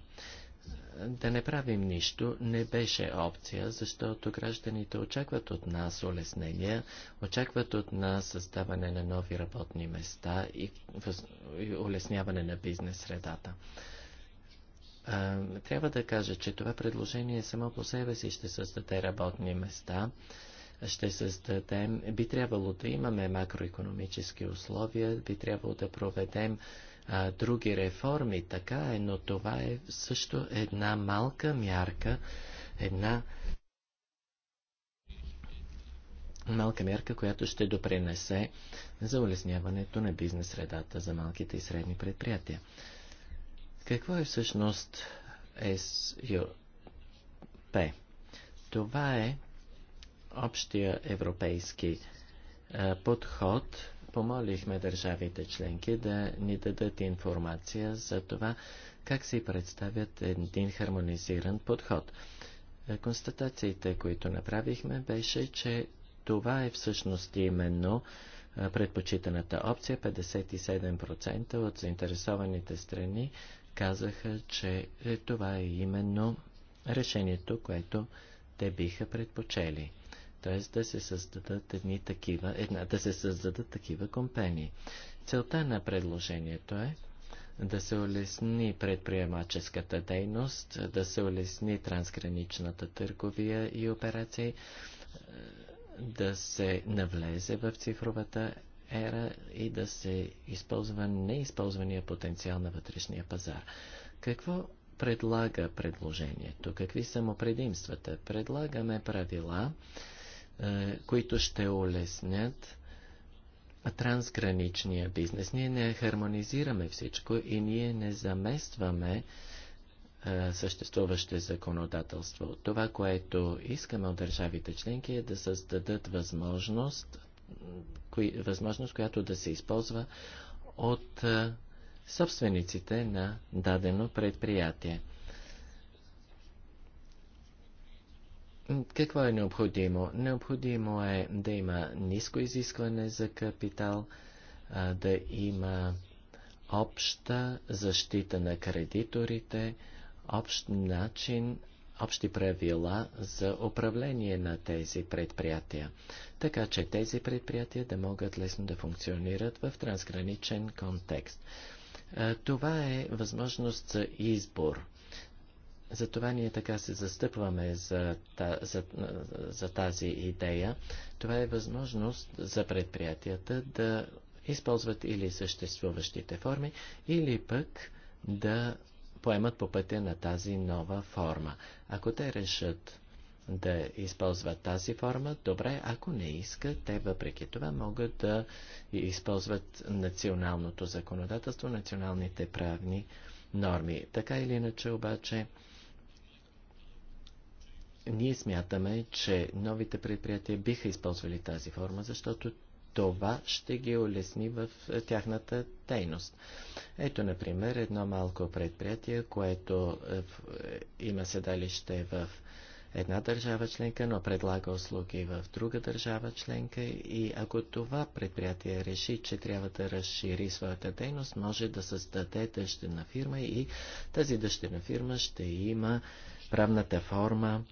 да не правим нищо не беше опция, защото гражданите очакват от нас улеснения, очакват от нас създаване на нови работни места и, улесняване на бизнес средата. Трябва да кажа, че това предложение е само по себе си ще създаде работни места, ще създадем, би трябвало да имаме макроекономически условия, би трябвало да проведем а, други реформи, така е, но това е също една малка мярка, една малка мярка, която ще допринесе за улесняването на бизнес средата за малките и средни предприятия. Какво е всъщност SUP? Това е общия европейски подход помолихме държавите членки да ни дадат информация за това, как си представят един хармонизиран подход. Е, констатациите, които направихме, беше, че това е всъщност именно е, предпочитаната опция. 57% от заинтересованите страни казаха, че е, това е именно решението, което те биха предпочели т.е. да се създадат едни такива, една, да се създадат такива компании. Целта на предложението е да се улесни предприемаческата дейност, да се улесни трансграничната търговия и операции, е, да се навлезе в цифровата ера и да се използва неизползвания потенциал на вътрешния пазар. Какво предлага предложението? Какви са му предимствата? Предлагаме правила, е, които ще улеснят трансграничния бизнес. Ние не хармонизираме всичко и ние не заместваме е, съществуващи законодателство. Това, което искаме от държавите членки е да създадат възможност, кои, възможност която да се използва от а, е, собствениците на дадено предприятие. Какво е необходимо? Необходимо е да има ниско изискване за капитал, да има обща защита на кредиторите, общ начин, общи правила за управление на тези предприятия, така че тези предприятия да могат лесно да функционират в трансграничен контекст. Това е възможност за избор затова ние така се застъпваме за, за, за тази идея. Това е възможност за предприятията да използват или съществуващите форми, или пък да поемат по пътя на тази нова форма. Ако те решат да използват тази форма, добре, ако не искат, те въпреки това могат да използват националното законодателство, националните правни норми. Така или иначе обаче, ние смятаме, че новите предприятия биха използвали тази форма, защото това ще ги улесни в е, тяхната дейност. Ето, например, едно малко предприятие, което е, е, има седалище в една държава членка, но предлага услуги в друга държава членка и ако това предприятие реши, че трябва да разшири своята дейност, може да създаде дъщерна фирма и тази дъщерна фирма ще има правната форма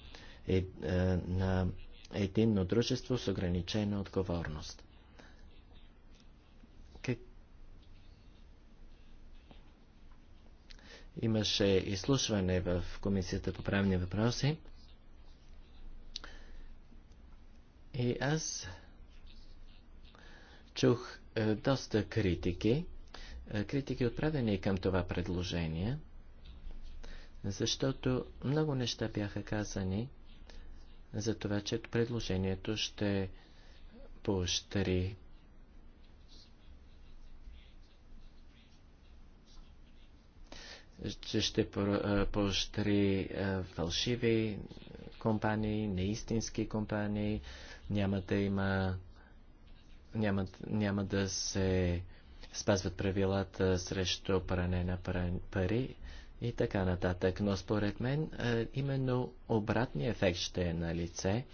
е, е, на единно дружество с ограничена отговорност. Как... Имаше изслушване в Комисията по правни въпроси и аз чух е, доста критики, е, критики отправени към това предложение, защото много неща бяха казани, за това, че предложението ще поощри че ще поощри фалшиви компании, неистински компании, няма да има няма, няма да се спазват правилата срещу пране на пари и така нататък. Но според мен е, именно обратния ефект ще е на лице,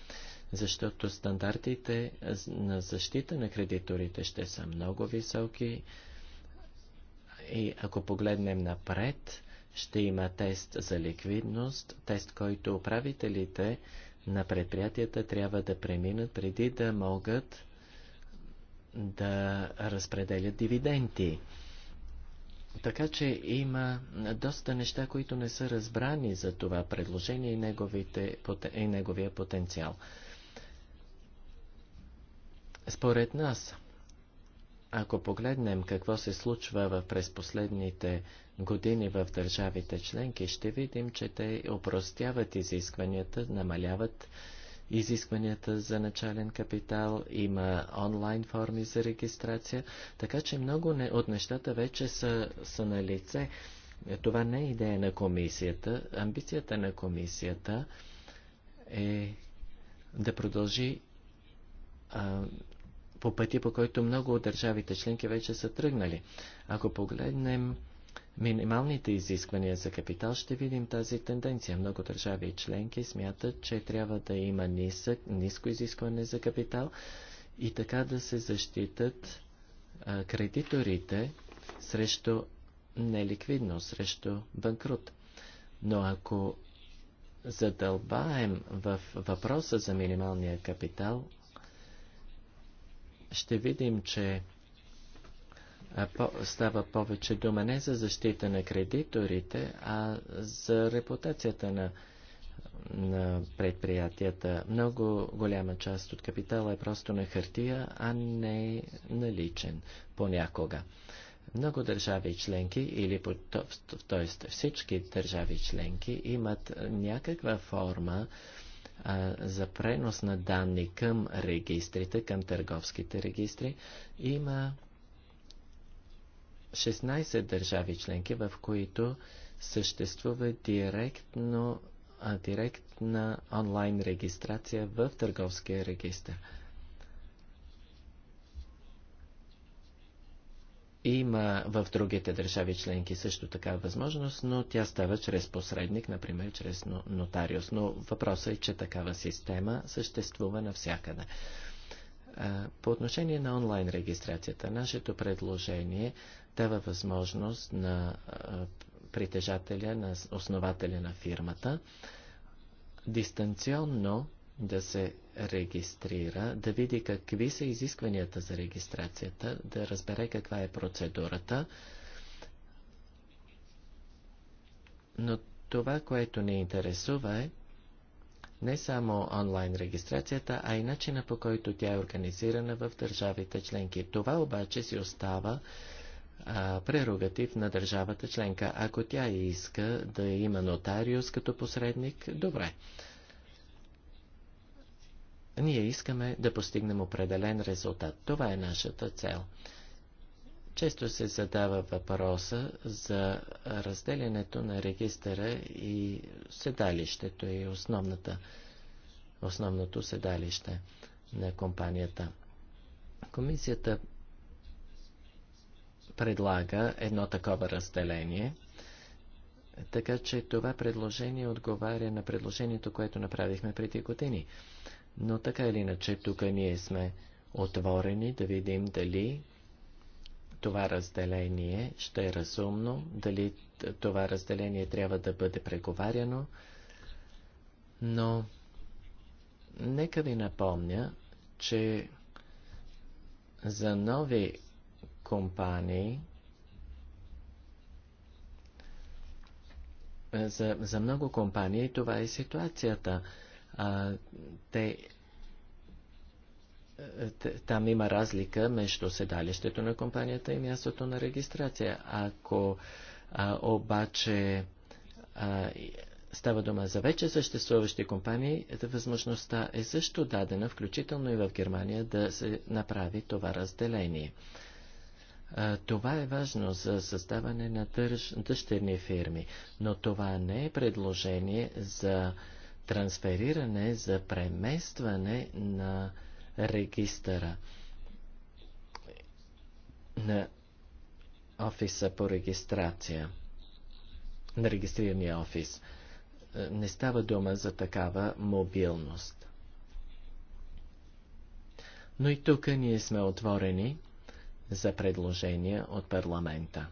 защото стандартите на защита на кредиторите ще са много високи и ако погледнем напред, ще има тест за ликвидност, тест, който управителите на предприятията трябва да преминат преди да могат да разпределят дивиденти. Така че има доста неща, които не са разбрани за това предложение и, неговите, и неговия потенциал. Според нас, ако погледнем какво се случва в през последните години в държавите членки, ще видим, че те опростяват изискванията, намаляват изискванията за начален капитал, има онлайн форми за регистрация, така че много не, от нещата вече са, са на лице. Това не е идея на комисията. Амбицията на комисията е да продължи а, по пътя, по който много от държавите членки вече са тръгнали. Ако погледнем минималните изисквания за капитал ще видим тази тенденция. Много държави и членки смятат, че трябва да има нисък, ниско изискване за капитал и така да се защитат а, кредиторите срещу неликвидност, срещу банкрут. Но ако задълбаем в въпроса за минималния капитал, ще видим, че по става повече дума не за защита на кредиторите, а за репутацията на, на предприятията. Много голяма част от капитала е просто на хартия, а не наличен понякога. Много държави членки, или т.е. всички държави членки, имат някаква форма а, за пренос на данни към регистрите, към търговските регистри. Има 16 държави членки, в които съществува директно, а, директна онлайн регистрация в търговския регистр. Има в другите държави членки също така възможност, но тя става чрез посредник, например чрез нотариус. Но въпросът е, че такава система съществува навсякъде. По отношение на онлайн регистрацията, нашето предложение дава възможност на притежателя, на основателя на фирмата, дистанционно да се регистрира, да види какви са изискванията за регистрацията, да разбере каква е процедурата. Но това, което ни интересува е не само онлайн регистрацията, а и начина по който тя е организирана в държавите членки. Това обаче си остава а, прерогатив на държавата членка. Ако тя иска да има нотариус като посредник, добре. Ние искаме да постигнем определен резултат. Това е нашата цел. Често се задава въпроса за разделянето на регистъра и седалището и основната, основното седалище на компанията. Комисията предлага едно такова разделение, така че това предложение отговаря на предложението, което направихме преди години. Но така или иначе, тук ние сме отворени да видим дали това разделение ще е разумно, дали това разделение трябва да бъде преговаряно, но нека ви напомня, че за нови компании, за, за много компании това е ситуацията. А, те е, е, там има разлика между седалището на компанията и мястото на регистрация. Ако а, обаче а, става дума за вече съществуващи компании, е, възможността е също дадена, включително и в Германия, да се направи това разделение. А, това е важно за създаване на дъж, дъщерни фирми, но това не е предложение за трансфериране, за преместване на регистъра на офиса по регистрация, на регистрирания офис. Е, не става дума за такава мобилност. Но и тук ние сме отворени за предложения от парламента.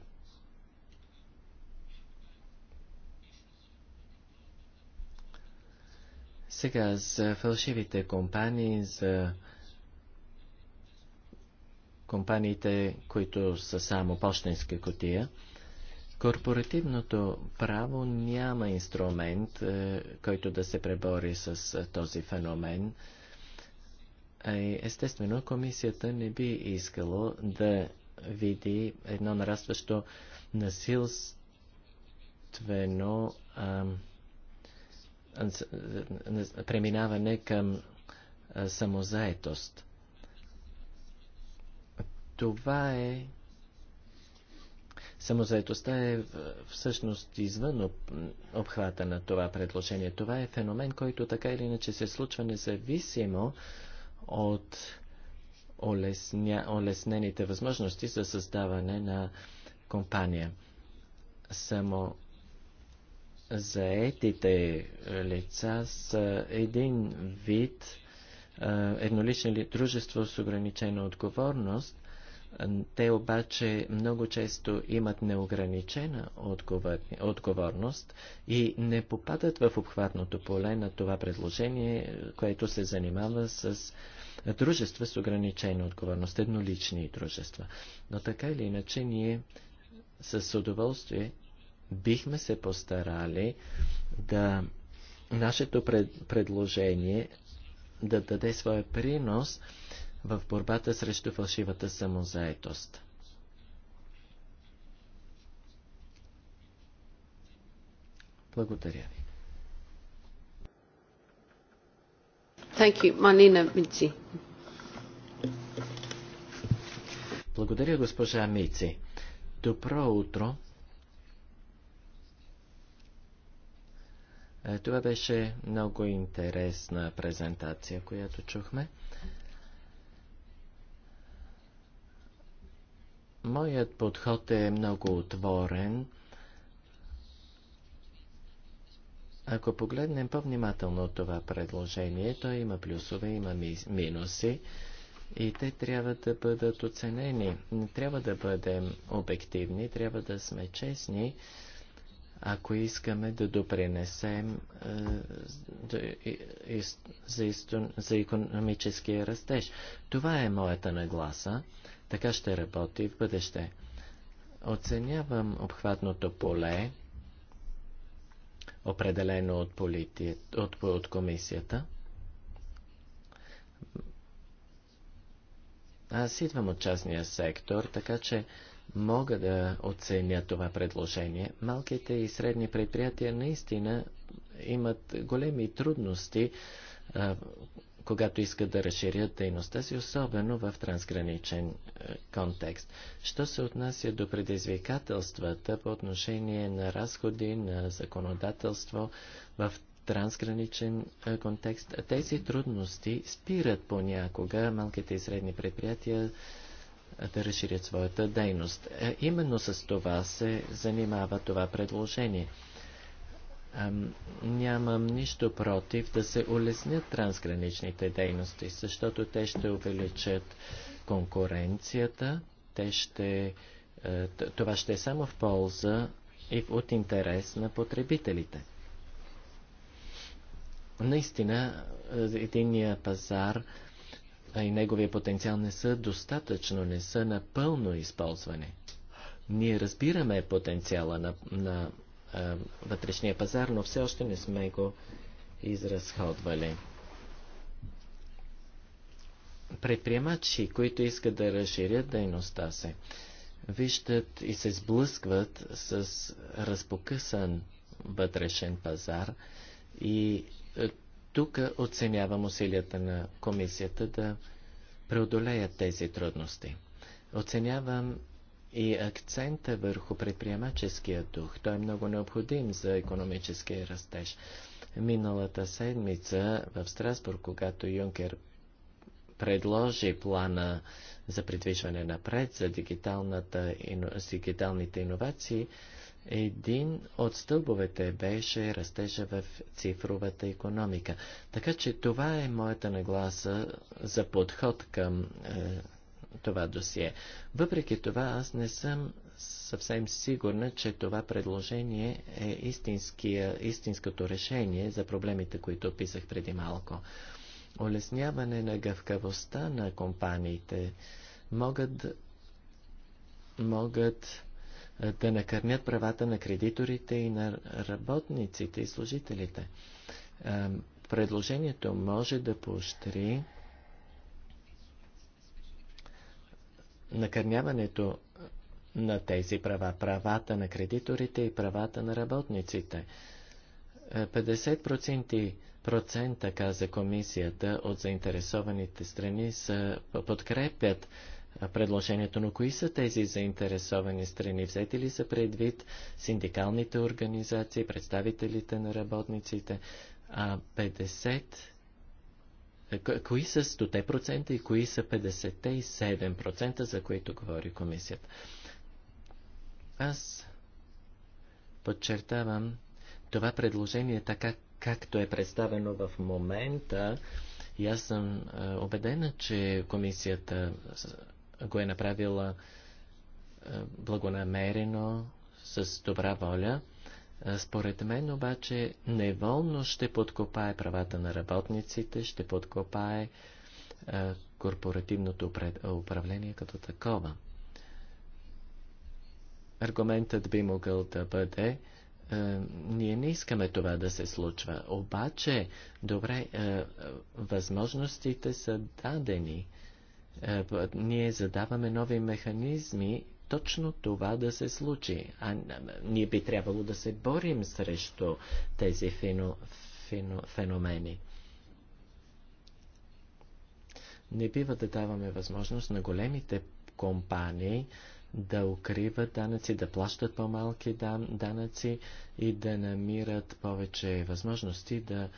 Сега за фалшивите компании, за компаниите, които са само почтенска котия. Корпоративното право няма инструмент, е, който да се пребори с е, този феномен. Е, естествено, комисията не би искало да види едно нарастващо насилствено преминаване към самозаетост. Това е Самозаетостта е всъщност извън об, обхвата на това предложение. Това е феномен, който така или иначе се случва независимо от олесня, олеснените възможности за създаване на компания. Само заетите лица са един вид еднолични дружество с ограничена отговорност, те обаче много често имат неограничена отговорност и не попадат в обхватното поле на това предложение, което се занимава с дружества с ограничена отговорност, еднолични дружества. Но така или иначе ние с удоволствие бихме се постарали да нашето пред, предложение да даде своя принос в борбата срещу фалшивата самозаетост. Благодаря ви. Благодаря, госпожа Мици. Добро утро. Е, това беше много интересна презентация, която чухме. Моят подход е много отворен. Ако погледнем по-внимателно това предложение, то има плюсове, има минуси и те трябва да бъдат оценени. Не Трябва да бъдем обективни, трябва да сме честни, ако искаме да допринесем е, за, за економическия растеж. Това е моята нагласа. Така ще работи в бъдеще. Оценявам обхватното поле, определено от, полити... от, от комисията. Аз идвам от частния сектор, така че мога да оценя това предложение. Малките и средни предприятия наистина имат големи трудности когато искат да разширят дейността си, особено в трансграничен е, контекст. Що се отнася до предизвикателствата по отношение на разходи, на законодателство в трансграничен е, контекст, тези трудности спират понякога малките и средни предприятия е, да разширят своята дейност. Именно с това се занимава това предложение нямам нищо против да се улеснят трансграничните дейности, защото те ще увеличат конкуренцията, те ще, е, това ще е само в полза и от интерес на потребителите. Наистина, е, единия пазар и неговия потенциал не са достатъчно, не са напълно използвани. Ние разбираме потенциала на, на е, вътрешния пазар, но все още не сме го изразходвали. Предприемачи, които искат да разширят дейността си, виждат и се сблъскват с разпокъсан вътрешен пазар и е, тук оценявам усилията на комисията да преодолеят тези трудности. Оценявам и акцента върху предприемаческия дух. Той е много необходим за економическия растеж. Миналата седмица в Страсбург, когато Юнкер предложи плана за придвижване напред за дигиталната, с дигиталните иновации, един от стълбовете беше растежа в цифровата економика. Така че това е моята нагласа за подход към е, това досие. Въпреки това, аз не съм съвсем сигурна, че това предложение е истинското решение за проблемите, които описах преди малко. Олесняване на гъвкавостта на компаниите могат, могат да накърнят правата на кредиторите и на работниците и служителите. Предложението може да поощри накърняването на тези права, правата на кредиторите и правата на работниците. 50% е, процента, каза комисията, от заинтересованите страни са, подкрепят предложението, но кои са тези заинтересовани страни? Взети ли са предвид синдикалните организации, представителите на работниците? А 50 е, кои са 100% и кои са 57%, за които говори комисията. Аз подчертавам това предложение така, както е представено в момента. И аз съм е, убедена, че комисията го е направила е, благонамерено, с добра воля. Според мен обаче неволно ще подкопае правата на работниците, ще подкопае корпоративното управление като такова. Аргументът би могъл да бъде, ние не искаме това да се случва, обаче, добре, възможностите са дадени. ние задаваме нови механизми точно това да се случи. А ние би трябвало да се борим срещу тези фено, фено, феномени. Не бива да даваме възможност на големите компании да укриват данъци, да плащат по-малки данъци и да намират повече възможности да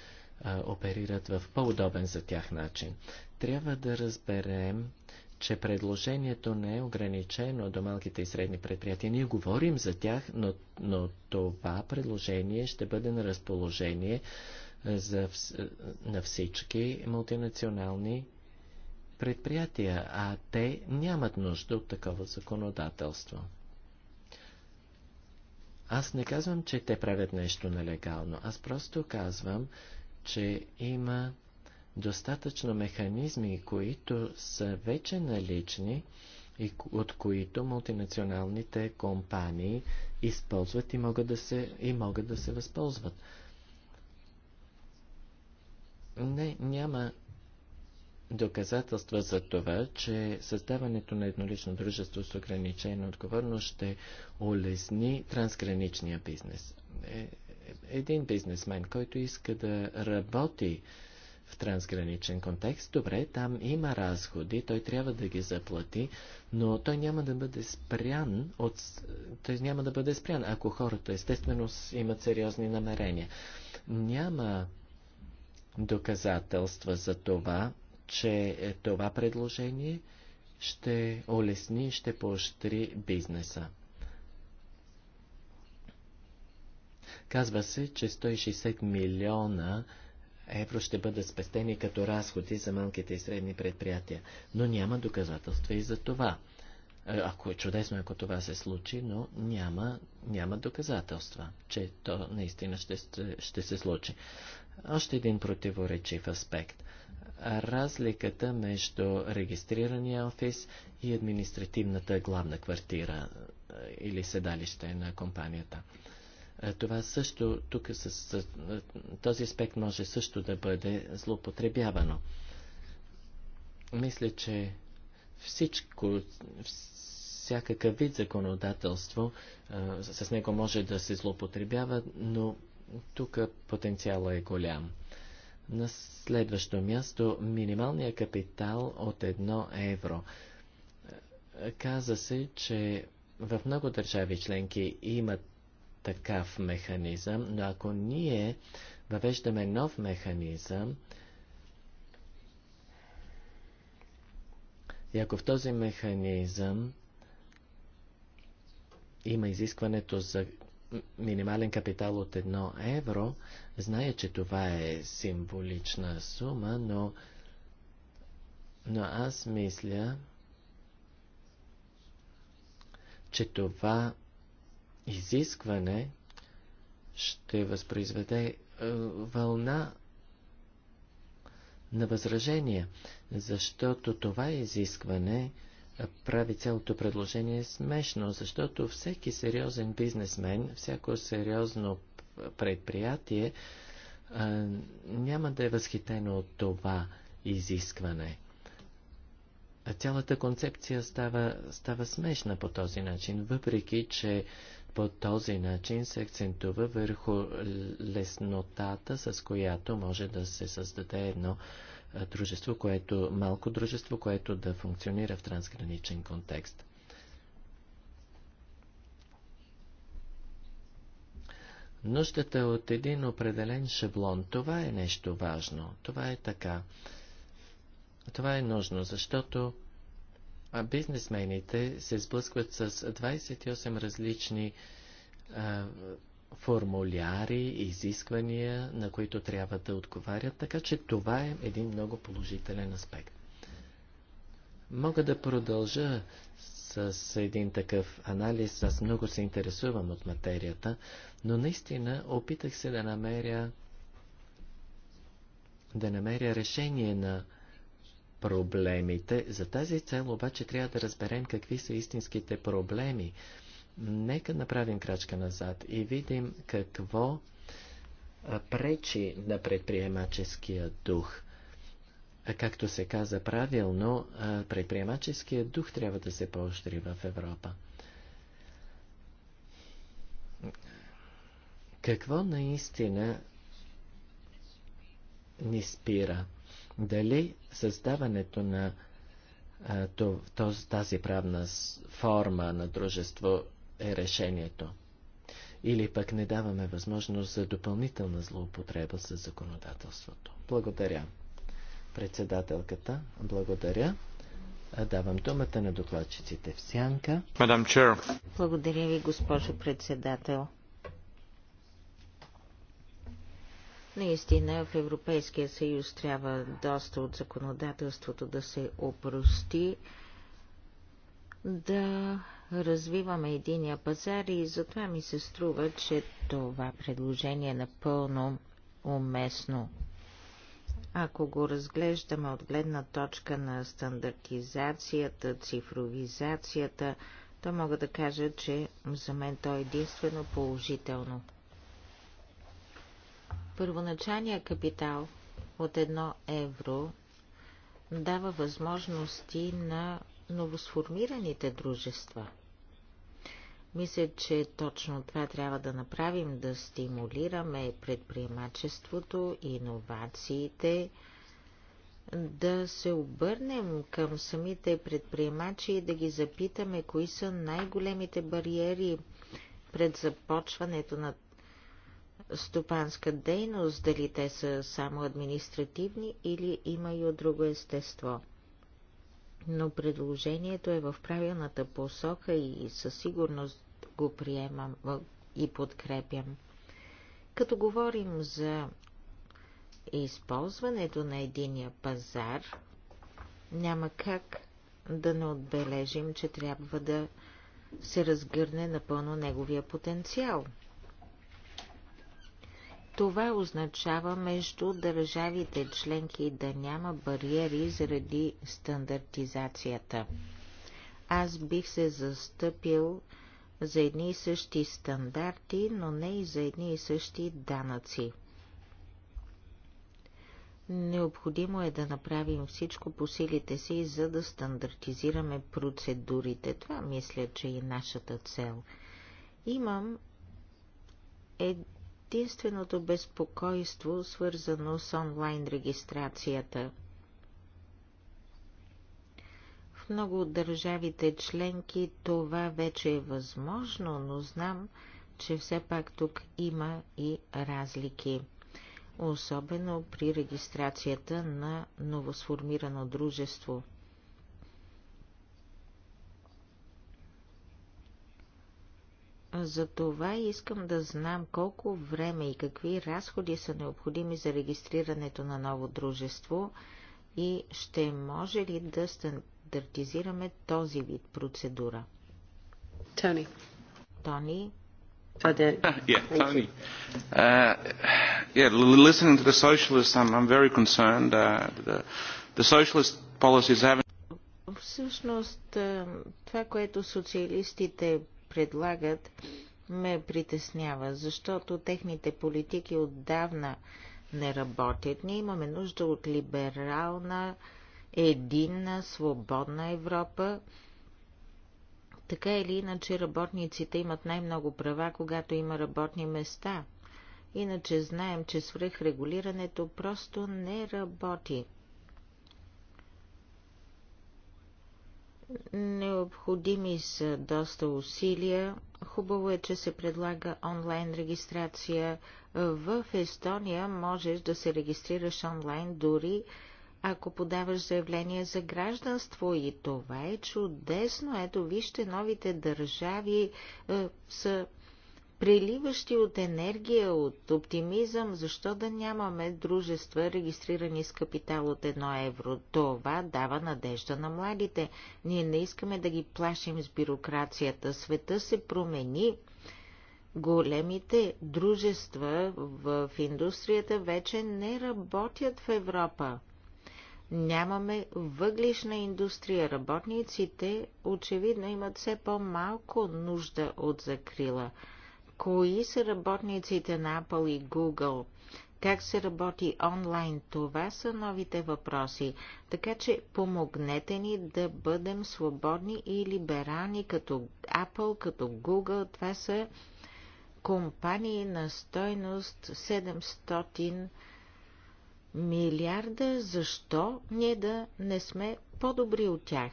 а, оперират в по-удобен за тях начин. Трябва да разберем че предложението не е ограничено до малките и средни предприятия. Ние говорим за тях, но, но това предложение ще бъде на разположение е, за, е, на всички мултинационални предприятия, а те нямат нужда от такова законодателство. Аз не казвам, че те правят нещо нелегално. Аз просто казвам, че има достатъчно механизми, които са вече налични и от които мултинационалните компании използват и могат да се, и могат да се възползват. Не, няма доказателства за това, че създаването на еднолично дружество с ограничена отговорност ще улесни трансграничния бизнес. Е, е, един бизнесмен, който иска да работи в трансграничен контекст. Добре, там има разходи, той трябва да ги заплати, но той няма да бъде спрян, от... той няма да бъде спрян, ако хората естествено имат сериозни намерения. Няма доказателства за това, че е, това предложение ще улесни и ще поощри бизнеса. Казва се, че 160 милиона евро ще бъдат спестени като разходи за малките и средни предприятия. Но няма доказателства и за това. Е, ако е чудесно, ако това се случи, но няма, няма доказателства, че то наистина ще, ще се случи. Още един противоречив аспект. Разликата между регистрирания офис и административната главна квартира е, или седалище на компанията това също, тук с, с, този аспект може също да бъде злоупотребявано. Мисля, че всичко, всякакъв вид законодателство, а, с него може да се злоупотребява, но тук потенциала е голям. На следващо място минималния капитал от 1 евро. Каза се, че в много държави членки имат такъв механизъм, но ако ние въвеждаме нов механизъм, и ако в този механизъм има изискването за минимален капитал от 1 евро, зная, че това е символична сума, но, но аз мисля, че това изискване ще възпроизведе е, вълна на възражения, защото това изискване е, прави цялото предложение смешно, защото всеки сериозен бизнесмен, всяко сериозно предприятие е, няма да е възхитено от това изискване. Цялата концепция става, става смешна по този начин, въпреки че по този начин се акцентува върху леснотата, с която може да се създаде едно дружество, което, малко дружество, което да функционира в трансграничен контекст. Нуждата от един определен шаблон, това е нещо важно, това е така. Това е нужно, защото а бизнесмените се сблъскват с 28 различни а, формуляри, изисквания, на които трябва да отговарят, така че това е един много положителен аспект. Мога да продължа с един такъв анализ, аз много се интересувам от материята, но наистина опитах се да намеря да намеря решение на проблемите. За тази цел обаче трябва да разберем какви са истинските проблеми. Нека направим крачка назад и видим какво пречи на предприемаческия дух. Както се каза правилно, предприемаческия дух трябва да се поощри в Европа. Какво наистина ни спира? дали създаването на тази правна форма на дружество е решението. Или пък не даваме възможност за допълнителна злоупотреба с законодателството. Благодаря. Председателката, благодаря. Давам думата на докладчиците в сянка. Мадам Чер. Благодаря ви, госпожо председател. Наистина в Европейския съюз трябва доста от законодателството да се опрости, да развиваме единия пазар и затова ми се струва, че това предложение е напълно уместно. Ако го разглеждаме от гледна точка на стандартизацията, цифровизацията, то мога да кажа, че за мен то е единствено положително. Първоначалният капитал от 1 евро дава възможности на новосформираните дружества. Мисля, че точно това трябва да направим, да стимулираме предприемачеството, иновациите, да се обърнем към самите предприемачи и да ги запитаме кои са най-големите бариери пред започването на стопанска дейност, дали те са само административни или има и от друго естество. Но предложението е в правилната посока и със сигурност го приемам и подкрепям. Като говорим за използването на единия пазар, няма как да не отбележим, че трябва да се разгърне напълно неговия потенциал – това означава между държавите членки да няма бариери заради стандартизацията. Аз бих се застъпил за едни и същи стандарти, но не и за едни и същи данъци. Необходимо е да направим всичко по силите си, за да стандартизираме процедурите. Това мисля, че е нашата цел. Имам е единственото безпокойство, свързано с онлайн регистрацията. В много от държавите членки това вече е възможно, но знам, че все пак тук има и разлики. Особено при регистрацията на новосформирано дружество – Затова искам да знам колко време и какви разходи са необходими за регистрирането на ново дружество и ще може ли да стандартизираме този вид процедура. Тони. Тони. Ah, yeah, Tony. Uh, yeah, listening to the socialists, I'm, I'm very concerned. Uh, the, the socialist policies haven't. Всъщност, това, което социалистите предлагат, ме притеснява, защото техните политики отдавна не работят. Ние имаме нужда от либерална, единна, свободна Европа. Така или иначе работниците имат най-много права, когато има работни места. Иначе знаем, че свръхрегулирането просто не работи. Необходими са доста усилия. Хубаво е, че се предлага онлайн регистрация. В Естония можеш да се регистрираш онлайн дори ако подаваш заявление за гражданство и това е чудесно. Ето вижте, новите държави е, са приливащи от енергия, от оптимизъм, защо да нямаме дружества, регистрирани с капитал от едно евро. Това дава надежда на младите. Ние не искаме да ги плашим с бюрокрацията. Света се промени. Големите дружества в индустрията вече не работят в Европа. Нямаме въглишна индустрия. Работниците очевидно имат все по-малко нужда от закрила. Кои са работниците на Apple и Google? Как се работи онлайн? Това са новите въпроси. Така че помогнете ни да бъдем свободни и либерални като Apple, като Google. Това са компании на стойност 700 милиарда. Защо ние да не сме по-добри от тях?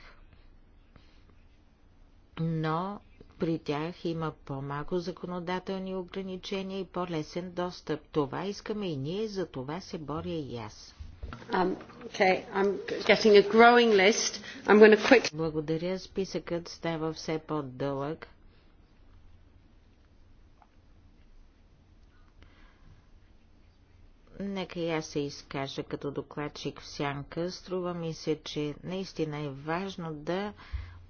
Но при тях има по-малко законодателни ограничения и по-лесен достъп. Това искаме и ние, за това се боря и аз. Um, okay. quick... Благодаря, списъкът става все по-дълъг. Нека и аз се изкажа като докладчик в сянка. Струва ми се, че наистина е важно да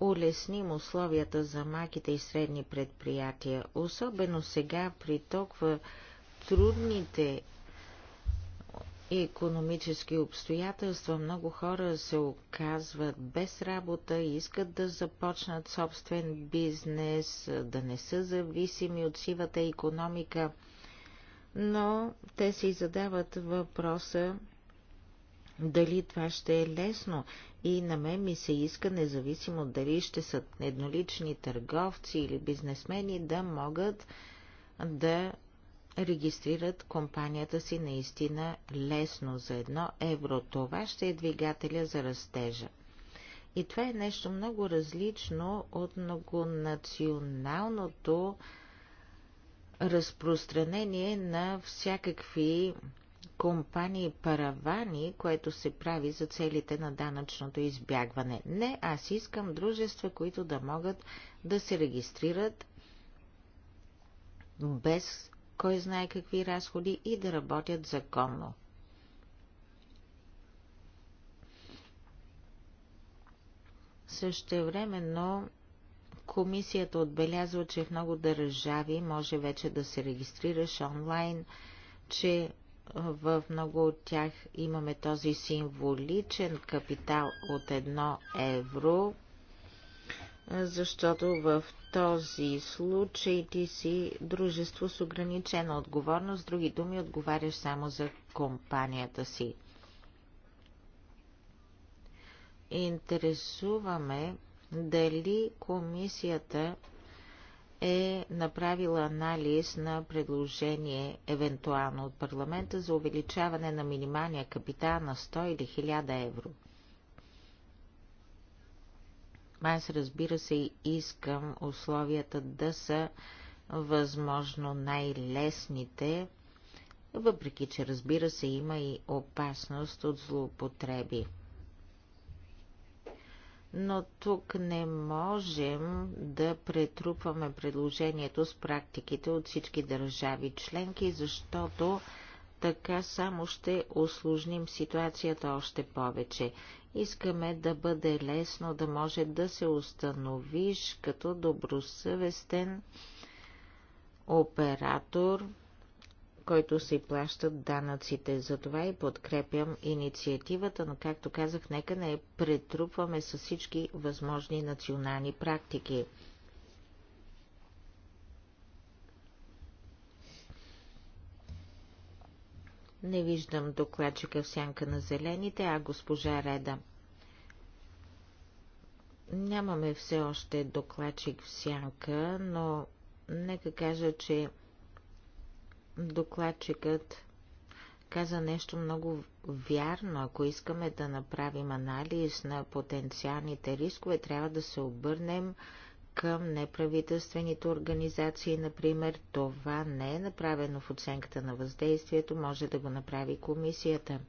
улесним условията за маките и средни предприятия, особено сега при толкова трудните и економически обстоятелства много хора се оказват без работа искат да започнат собствен бизнес, да не са зависими от сивата економика, но те си задават въпроса дали това ще е лесно и на мен ми се иска, независимо дали ще са еднолични търговци или бизнесмени, да могат да регистрират компанията си наистина лесно за едно евро. Това ще е двигателя за растежа. И това е нещо много различно от многонационалното разпространение на всякакви компании паравани, което се прави за целите на данъчното избягване. Не, аз искам дружества, които да могат да се регистрират без кой знае какви разходи и да работят законно. Същевременно комисията отбелязва, че в много държави може вече да се регистрираш онлайн, че в много от тях имаме този символичен капитал от 1 евро, защото в този случай ти си дружество с ограничена отговорност, други думи отговаряш само за компанията си. Интересуваме дали комисията е направила анализ на предложение, евентуално от парламента, за увеличаване на минималния капитал на 100 или 1000 евро. Аз разбира се и искам условията да са възможно най-лесните, въпреки че разбира се има и опасност от злоупотреби но тук не можем да претрупваме предложението с практиките от всички държави членки, защото така само ще осложним ситуацията още повече. Искаме да бъде лесно да може да се установиш като добросъвестен оператор – който се плащат данъците. Затова и подкрепям инициативата, но както казах, нека не претрупваме с всички възможни национални практики. Не виждам докладчика в сянка на зелените, а госпожа Реда. Нямаме все още докладчик в сянка, но нека кажа, че Докладчикът каза нещо много вярно. Ако искаме да направим анализ на потенциалните рискове, трябва да се обърнем към неправителствените организации, например. Това не е направено в оценката на въздействието, може да го направи комисията.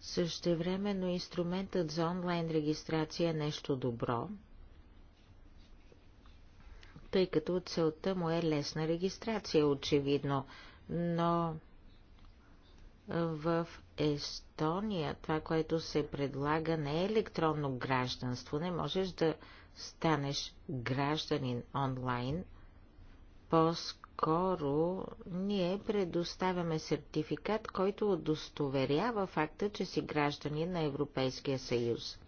Същевременно инструментът за онлайн регистрация е нещо добро, тъй като целта му е лесна регистрация, очевидно. Но в Естония това, което се предлага, не е електронно гражданство. Не можеш да станеш гражданин онлайн. По-скоро ние предоставяме сертификат, който удостоверява факта, че си гражданин на Европейския съюз.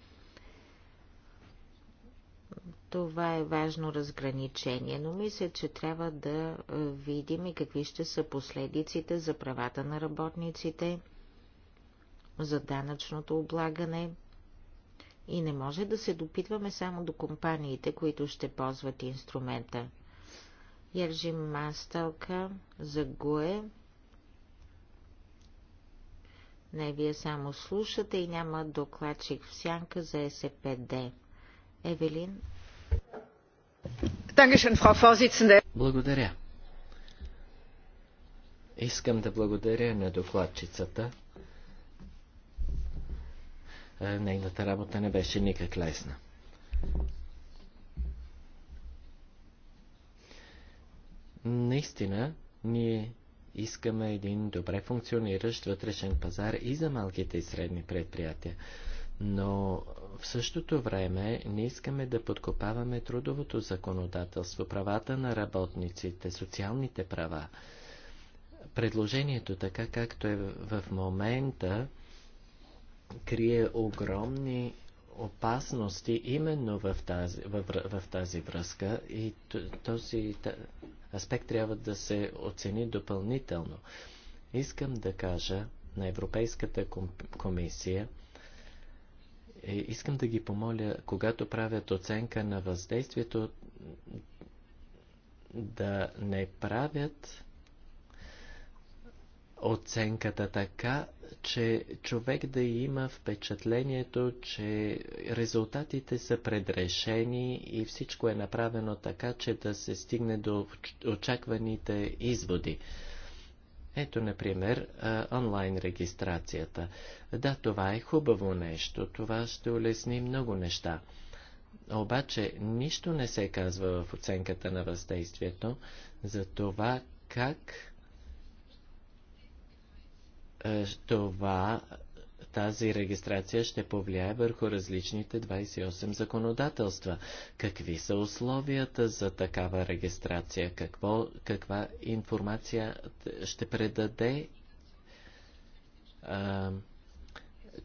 Това е важно разграничение, но мисля, че трябва да е, видим и какви ще са последиците за правата на работниците, за данъчното облагане. И не може да се допитваме само до компаниите, които ще ползват инструмента. Ержим Масталка за Гуе. Не, вие само слушате и няма докладчик в сянка за СПД. Евелин, благодаря. Искам да благодаря на докладчицата. Е, нейната работа не беше никак лесна. Наистина, ние искаме един добре функциониращ вътрешен пазар и за малките и средни предприятия. Но в същото време не искаме да подкопаваме трудовото законодателство, правата на работниците, социалните права. Предложението, така както е в момента, крие огромни опасности именно в тази, в, в тази връзка и този аспект трябва да се оцени допълнително. Искам да кажа на Европейската комисия, е, искам да ги помоля, когато правят оценка на въздействието, да не правят оценката така, че човек да има впечатлението, че резултатите са предрешени и всичко е направено така, че да се стигне до очакваните изводи. Ето, например, онлайн регистрацията. Да, това е хубаво нещо, това ще улесни много неща. Обаче, нищо не се казва в оценката на въздействието за това как това тази регистрация ще повлияе върху различните 28 законодателства. Какви са условията за такава регистрация? Какво, каква информация ще предаде а,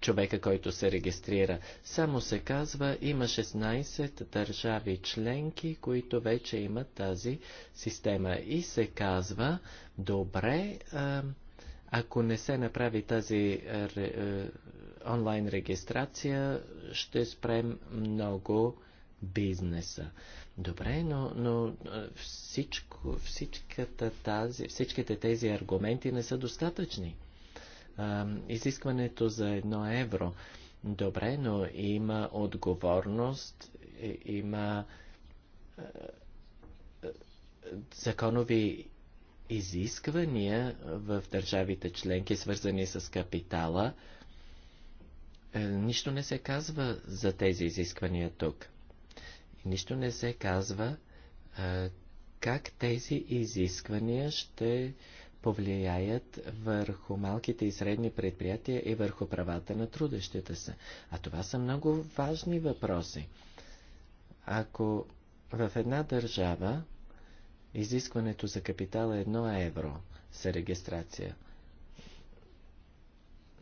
човека, който се регистрира? Само се казва, има 16 държави членки, които вече имат тази система. И се казва, добре, а, ако не се направи тази е, е, онлайн регистрация, ще спрем много бизнеса. Добре, но, но е, всичко, всичката тази, всичките тези аргументи не са достатъчни. Изискването за едно евро. Добре, но има отговорност, има законови изисквания в държавите членки, свързани с капитала, е, нищо не се казва за тези изисквания тук. Нищо не се казва е, как тези изисквания ще повлияят върху малките и средни предприятия и върху правата на трудещите се. А това са много важни въпроси. Ако в една държава Изискването за капитала е 1 евро за регистрация.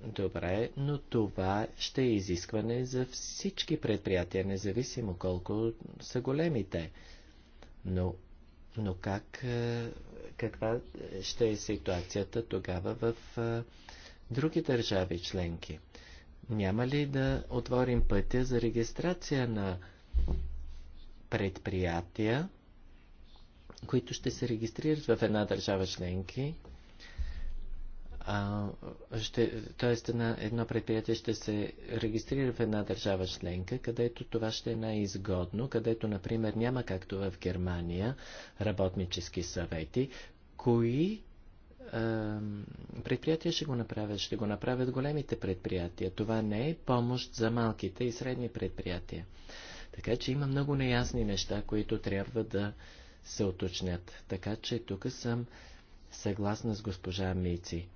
Добре, но това ще е изискване за всички предприятия, независимо колко са големите. Но, но как, е, каква ще е ситуацията тогава в е, други държави членки? Няма ли да отворим пътя за регистрация на предприятия, които ще се регистрират в една държава членки. т.е. тоест едно предприятие ще се регистрира в една държава членка, където това ще е най-изгодно, където, например, няма както в Германия работнически съвети, кои предприятия ще го направят, ще го направят големите предприятия. Това не е помощ за малките и средни предприятия. Така че има много неясни неща, които трябва да се уточнят. Така че тук съм съгласна с госпожа Мици.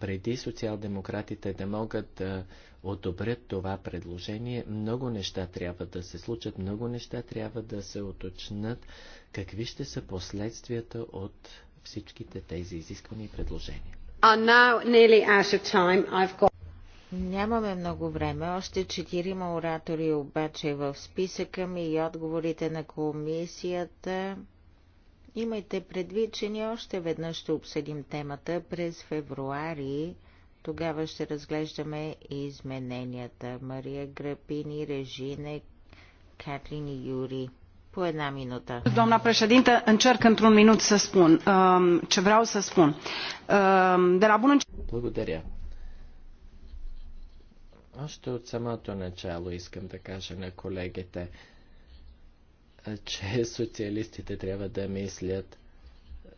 Преди социал-демократите да могат да одобрят това предложение, много неща трябва да се случат, много неща трябва да се уточнат какви ще са последствията от всичките тези изисквани предложения. Got... Нямаме много време. Още четирима оратори обаче в списъка ми и отговорите на комисията. Имайте предвид, че ние още веднъж ще обсъдим темата през февруари. Тогава ще разглеждаме измененията. Мария Грапини, Режине, Катлин и Юри. По една минута. Домна președintă, încerc într-un minut să spun ce vreau să spun. De la bun Благодаря. Още от самото начало искам да кажа на колегите, че социалистите трябва да мислят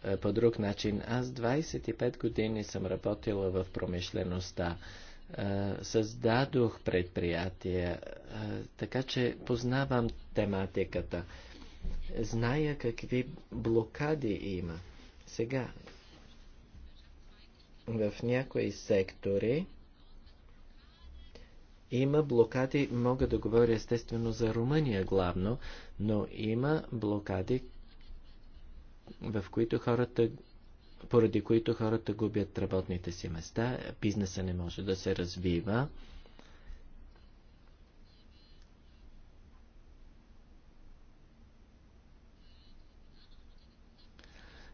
е, по друг начин. Аз 25 години съм работила в промишлеността. Е, създадох предприятия, е, така че познавам тематиката. Зная какви блокади има. Сега, в някои сектори, има блокади, мога да говоря естествено за Румъния главно, но има блокади, в които хората, поради които хората губят работните си места, бизнеса не може да се развива.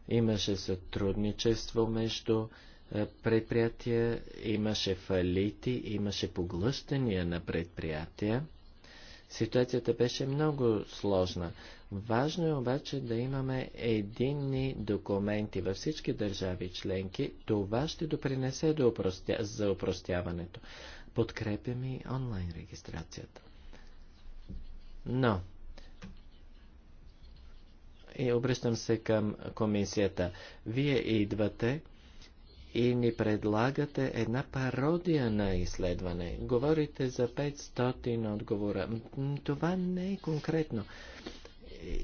Имаше сътрудничество между е, предприятия, имаше фалити, имаше поглъщания на предприятия. Ситуацията беше много сложна. Важно е обаче да имаме единни документи във всички държави членки. Това ще допринесе до упростя... за упростяването. Подкрепям и онлайн регистрацията. Но, и обръщам се към комисията. Вие идвате и ни предлагате една пародия на изследване. Говорите за 500 отговора. Това не е конкретно.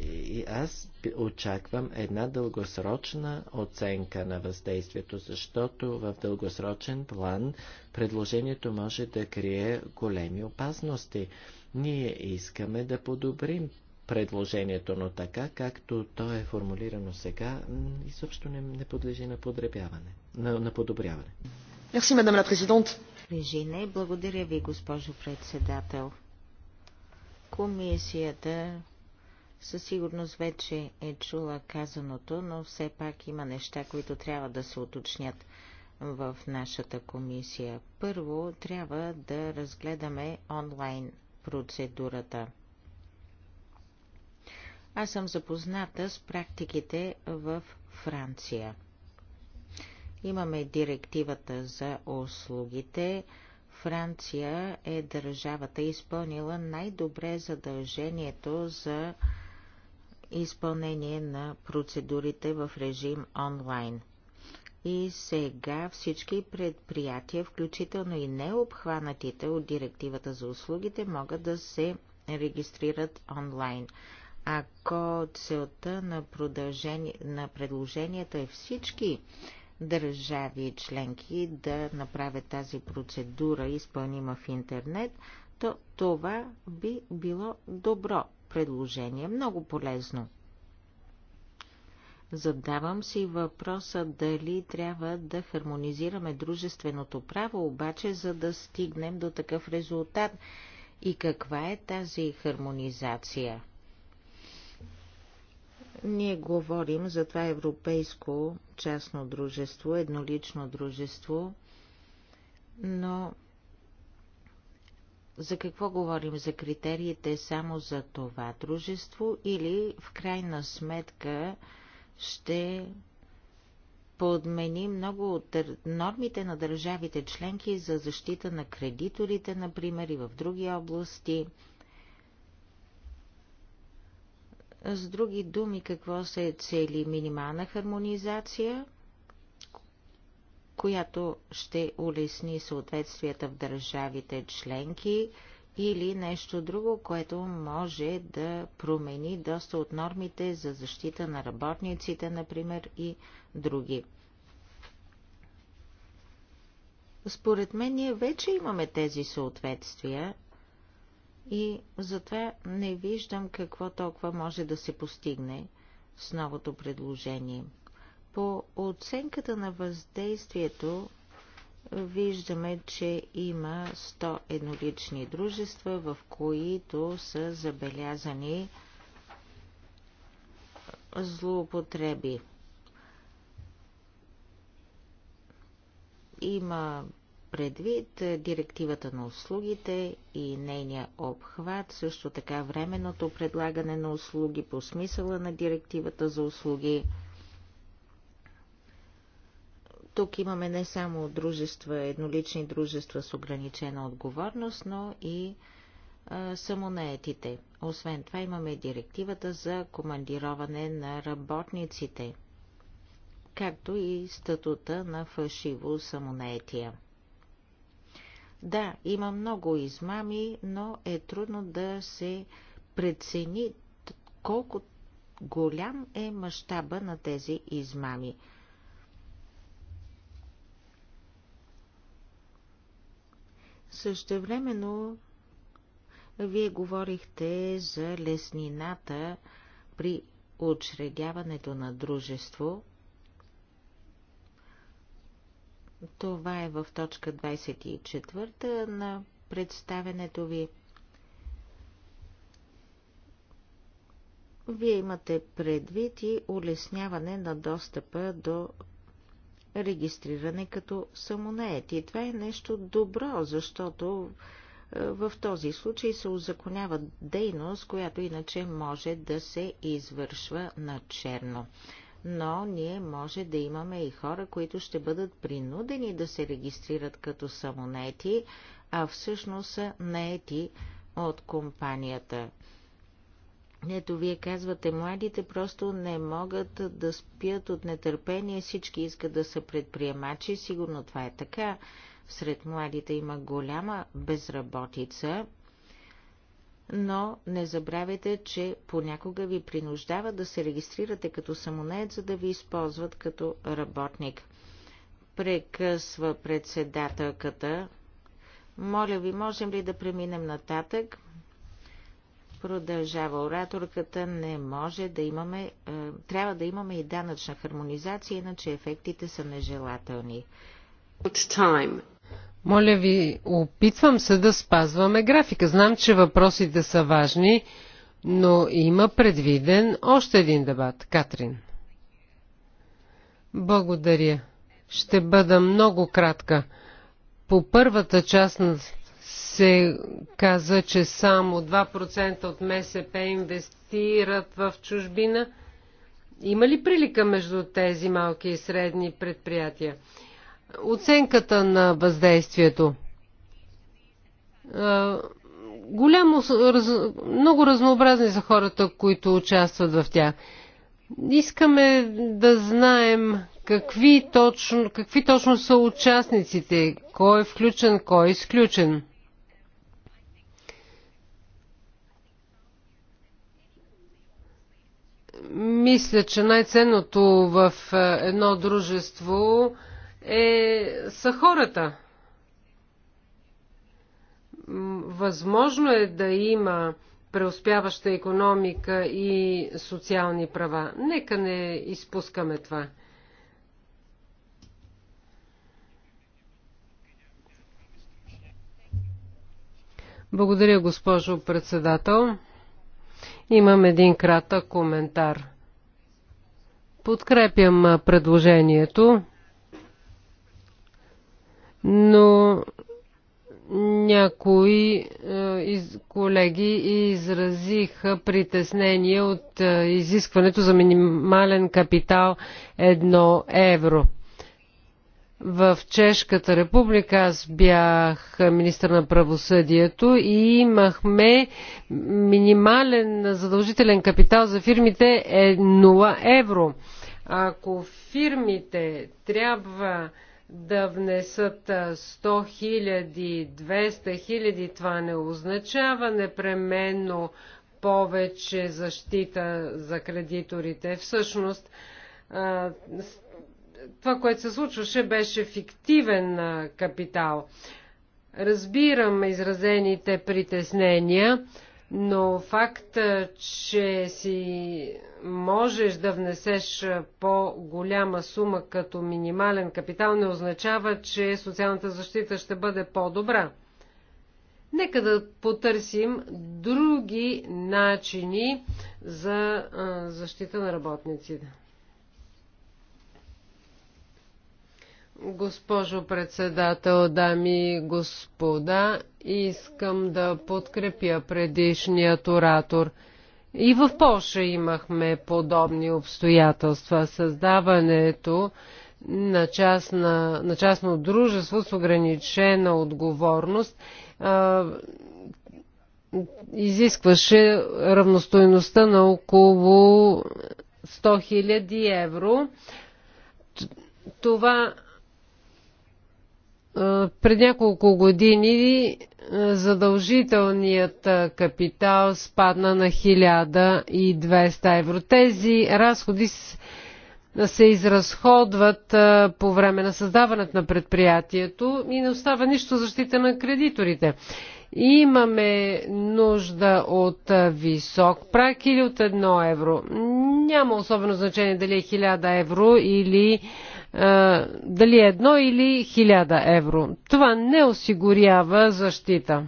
И аз очаквам една дългосрочна оценка на въздействието, защото в дългосрочен план предложението може да крие големи опасности. Ние искаме да подобрим предложението, но така както то е формулирано сега, изобщо не, не подлежи на, подребяване, на, на подобряване. Мерси, мадам ла президент. Режине, благодаря ви, госпожо председател. Комисията със сигурност вече е чула казаното, но все пак има неща, които трябва да се уточнят в нашата комисия. Първо трябва да разгледаме онлайн процедурата – аз съм запозната с практиките в Франция. Имаме директивата за услугите. Франция е държавата изпълнила най-добре задължението за изпълнение на процедурите в режим онлайн. И сега всички предприятия, включително и необхванатите от директивата за услугите, могат да се регистрират онлайн. Ако целта на, на предложенията е всички държави и членки да направят тази процедура изпълнима в интернет, то това би било добро предложение, много полезно. Задавам си въпроса дали трябва да хармонизираме дружественото право, обаче за да стигнем до такъв резултат. И каква е тази хармонизация? ние говорим за това европейско частно дружество, еднолично дружество, но за какво говорим? За критериите само за това дружество или в крайна сметка ще подмени много от нормите на държавите членки за защита на кредиторите, например, и в други области – С други думи, какво се цели минимална хармонизация, която ще улесни съответствията в държавите членки или нещо друго, което може да промени доста от нормите за защита на работниците, например, и други. Според мен ние вече имаме тези съответствия и затова не виждам какво толкова може да се постигне с новото предложение. По оценката на въздействието виждаме, че има 100 еднолични дружества, в които са забелязани злоупотреби. Има предвид е, директивата на услугите и нейния обхват, също така временното предлагане на услуги по смисъла на директивата за услуги. Тук имаме не само дружества, еднолични дружества с ограничена отговорност, но и е, самонаетите. Освен това имаме директивата за командироване на работниците, както и статута на фалшиво самонаетия. Да, има много измами, но е трудно да се прецени колко голям е мащаба на тези измами. Същевременно вие говорихте за леснината при учредяването на дружество. Това е в точка 24 на представенето ви. Вие имате предвид и улесняване на достъпа до регистриране като И Това е нещо добро, защото е, в този случай се узаконява дейност, която иначе може да се извършва на черно но ние може да имаме и хора, които ще бъдат принудени да се регистрират като самонети, а всъщност са наети от компанията. Ето вие казвате, младите просто не могат да спят от нетърпение, всички искат да са предприемачи, сигурно това е така. Сред младите има голяма безработица, но не забравяйте, че понякога ви принуждава да се регистрирате като самонает, за да ви използват като работник. Прекъсва председателката. Моля ви, можем ли да преминем нататък? Продължава ораторката. Не може да имаме... Е, трябва да имаме и данъчна хармонизация, иначе ефектите са нежелателни. Time. Моля ви, опитвам се да спазваме графика. Знам, че въпросите са важни, но има предвиден още един дебат. Катрин. Благодаря. Ще бъда много кратка. По първата част се каза, че само 2% от МСП инвестират в чужбина. Има ли прилика между тези малки и средни предприятия? оценката на въздействието. Голямо, много разнообразни са хората, които участват в тях. Искаме да знаем какви точно, какви точно са участниците, кой е включен, кой е изключен. Мисля, че най-ценното в едно дружество е е, са хората. Възможно е да има преуспяваща економика и социални права. Нека не изпускаме това. Благодаря, госпожо председател. Имам един кратък коментар. Подкрепям предложението но някои е, колеги изразиха притеснение от е, изискването за минимален капитал 1 евро. В Чешката република аз бях министър на правосъдието и имахме минимален задължителен капитал за фирмите е 0 евро. Ако фирмите трябва да внесат 100 000, 200 000, това не означава непременно повече защита за кредиторите. Всъщност, това, което се случваше, беше фиктивен капитал. Разбирам изразените притеснения но факта, е, че си можеш да внесеш по-голяма сума като минимален капитал, не означава, че социалната защита ще бъде по-добра. Нека да потърсим други начини за е, защита на работниците. Госпожо председател, дами и господа, искам да подкрепя предишният оратор. И в Польша имахме подобни обстоятелства. Създаването на, частна, на частно дружество с ограничена отговорност а, изискваше равностойността на около 100 000 евро. Това пред няколко години задължителният капитал спадна на 1200 евро. Тези разходи се изразходват по време на създаването на предприятието и не остава нищо защита на кредиторите. Имаме нужда от висок прак или от 1 евро. Няма особено значение дали е 1000 евро или е, дали е едно или хиляда евро. Това не осигурява защита.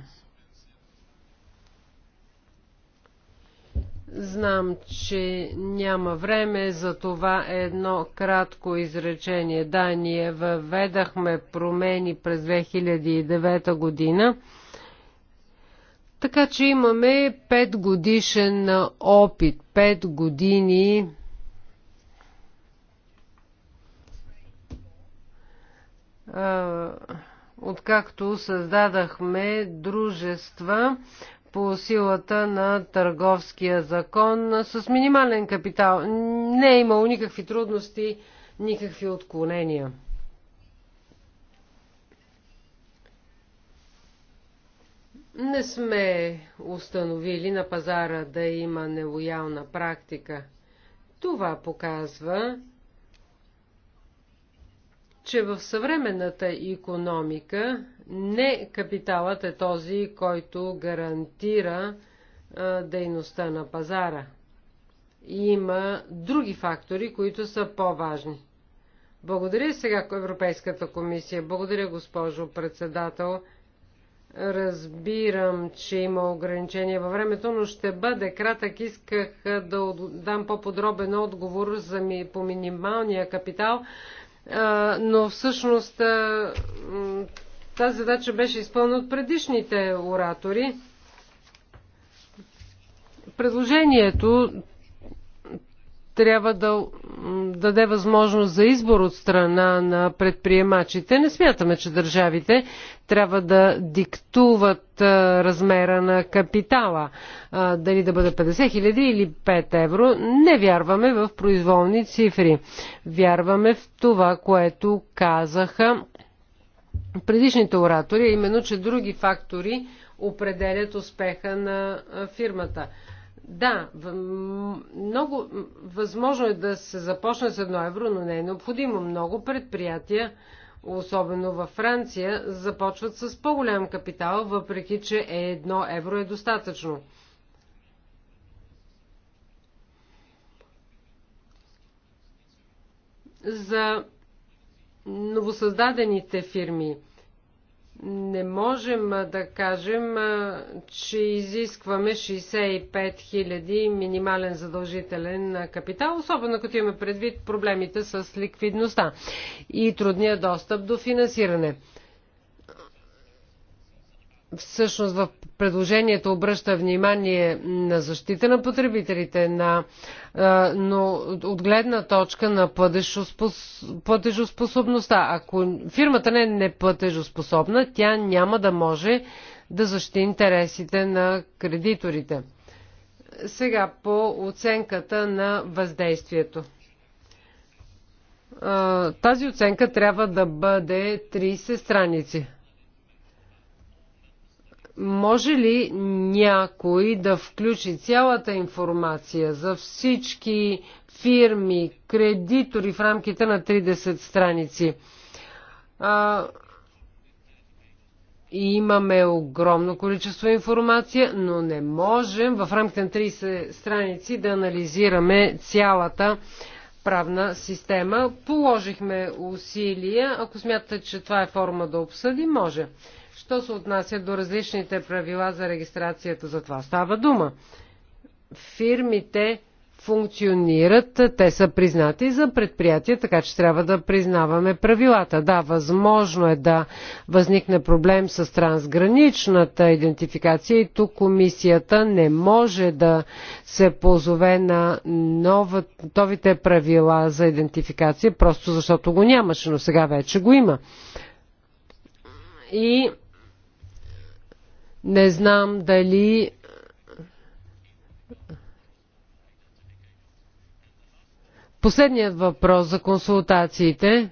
Знам, че няма време, за това едно кратко изречение. Да, ние въведахме промени през 2009 година, така че имаме 5 годишен е, опит, 5 години откакто създадахме дружества по силата на търговския закон с минимален капитал. Не е имало никакви трудности, никакви отклонения. Не сме установили на пазара да има нелоялна практика. Това показва, че в съвременната економика не капиталът е този, който гарантира а, дейността на пазара. И има други фактори, които са по-важни. Благодаря сега Европейската комисия. Благодаря, госпожо председател. Разбирам, че има ограничения във времето, но ще бъде кратък. Исках да дам по-подробен отговор за ми, по минималния капитал но всъщност тази задача беше изпълнена от предишните оратори. Предложението трябва да даде възможност за избор от страна на предприемачите. Не смятаме, че държавите трябва да диктуват размера на капитала, дали да бъде 50 хиляди или 5 евро. Не вярваме в произволни цифри. Вярваме в това, което казаха предишните оратори, а именно, че други фактори определят успеха на фирмата. Да, много възможно е да се започне с едно евро, но не е необходимо. Много предприятия, особено във Франция, започват с по-голям капитал, въпреки че е едно евро е достатъчно. За новосъздадените фирми – не можем да кажем, че изискваме 65 000 минимален задължителен капитал, особено като имаме предвид проблемите с ликвидността и трудния достъп до финансиране всъщност в предложението обръща внимание на защита на потребителите, на, но от гледна точка на платежоспособността. Ако фирмата не е неплатежоспособна, тя няма да може да защити интересите на кредиторите. Сега по оценката на въздействието. Тази оценка трябва да бъде 30 страници. Може ли някой да включи цялата информация за всички фирми, кредитори в рамките на 30 страници? А, и имаме огромно количество информация, но не можем в рамките на 30 страници да анализираме цялата правна система. Положихме усилия. Ако смятате, че това е форма да обсъди, може. Що се отнася до различните правила за регистрацията, за това става дума. Фирмите функционират, те са признати за предприятия, така че трябва да признаваме правилата. Да, възможно е да възникне проблем с трансграничната идентификация и тук комисията не може да се позове на новите правила за идентификация, просто защото го нямаше, но сега вече го има. И не знам дали Последният въпрос за консултациите.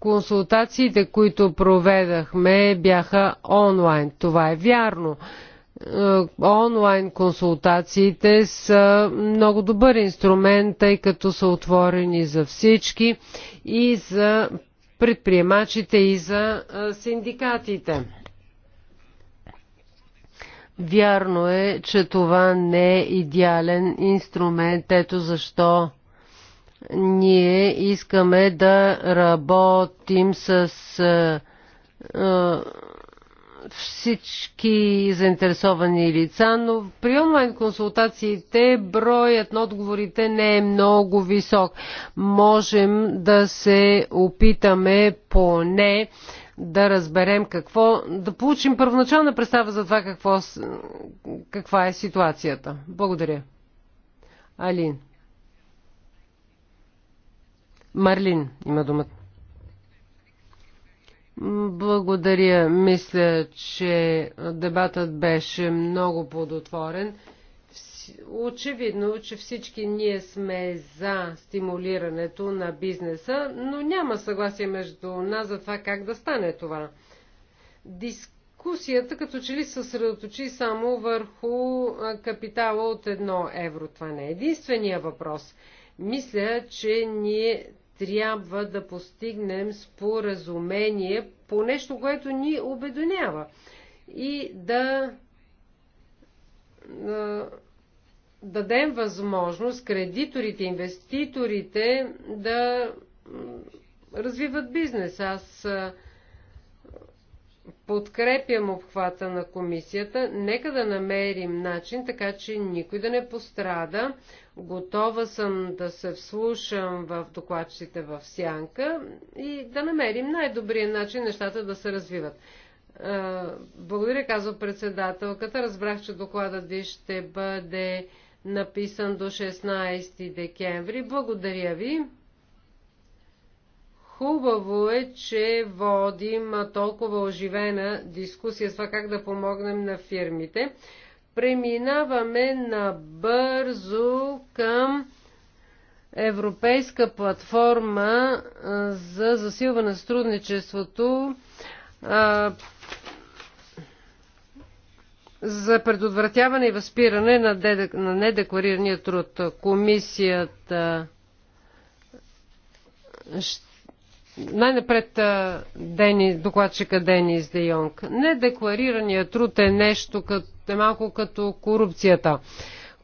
Консултациите, които проведахме, бяха онлайн. Това е вярно. Е, онлайн консултациите са много добър инструмент, тъй като са отворени за всички и за предприемачите и за е, синдикатите. Вярно е, че това не е идеален инструмент, ето защо ние искаме да работим с е, е, всички заинтересовани лица, но при онлайн консултациите броят на отговорите не е много висок. Можем да се опитаме поне да разберем какво, да получим първоначална представа за това какво, каква е ситуацията. Благодаря. Алин. Марлин има думата. Благодаря. Мисля, че дебатът беше много плодотворен очевидно, че всички ние сме за стимулирането на бизнеса, но няма съгласие между нас за това как да стане това. Дискусията като че ли се съсредоточи само върху капитала от едно евро. Това не е единствения въпрос. Мисля, че ние трябва да постигнем споразумение по нещо, което ни обедонява и да дадем възможност кредиторите, инвеститорите да развиват бизнес. Аз подкрепям обхвата на комисията. Нека да намерим начин, така че никой да не пострада. Готова съм да се вслушам в докладчите в сянка и да намерим най-добрия начин нещата да се развиват. Благодаря, казва председателката. Разбрах, че докладът ви ще бъде написан до 16 декември. Благодаря ви. Хубаво е, че водим толкова оживена дискусия с това как да помогнем на фирмите. Преминаваме набързо към Европейска платформа за засилване на сътрудничеството за предотвратяване и възпиране на, дедек, на недекларирания труд. Комисията най-напред Дени, докладчика Денис Де Йонг. Недекларираният труд е нещо като, е малко като корупцията.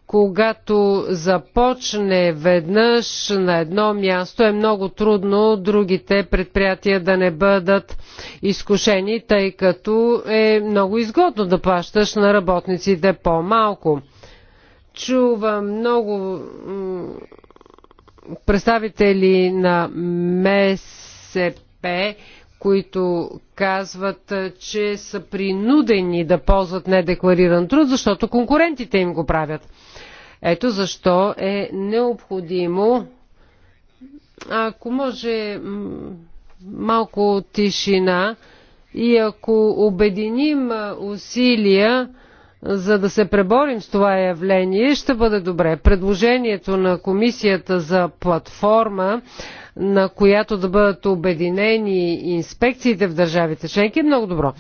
Когато започне веднъж на едно място, е много трудно другите предприятия да не бъдат изкушени, тъй като е много изгодно да плащаш на работниците по-малко. Чувам много представители на МСП, които казват, че са принудени да ползват недеклариран труд, защото конкурентите им го правят. Ето защо е необходимо, ако може малко тишина и ако обединим усилия, за да се преборим с това явление, ще бъде добре. Предложението на комисията за платформа, на която да бъдат обединени инспекциите в държавите членки, е много добро.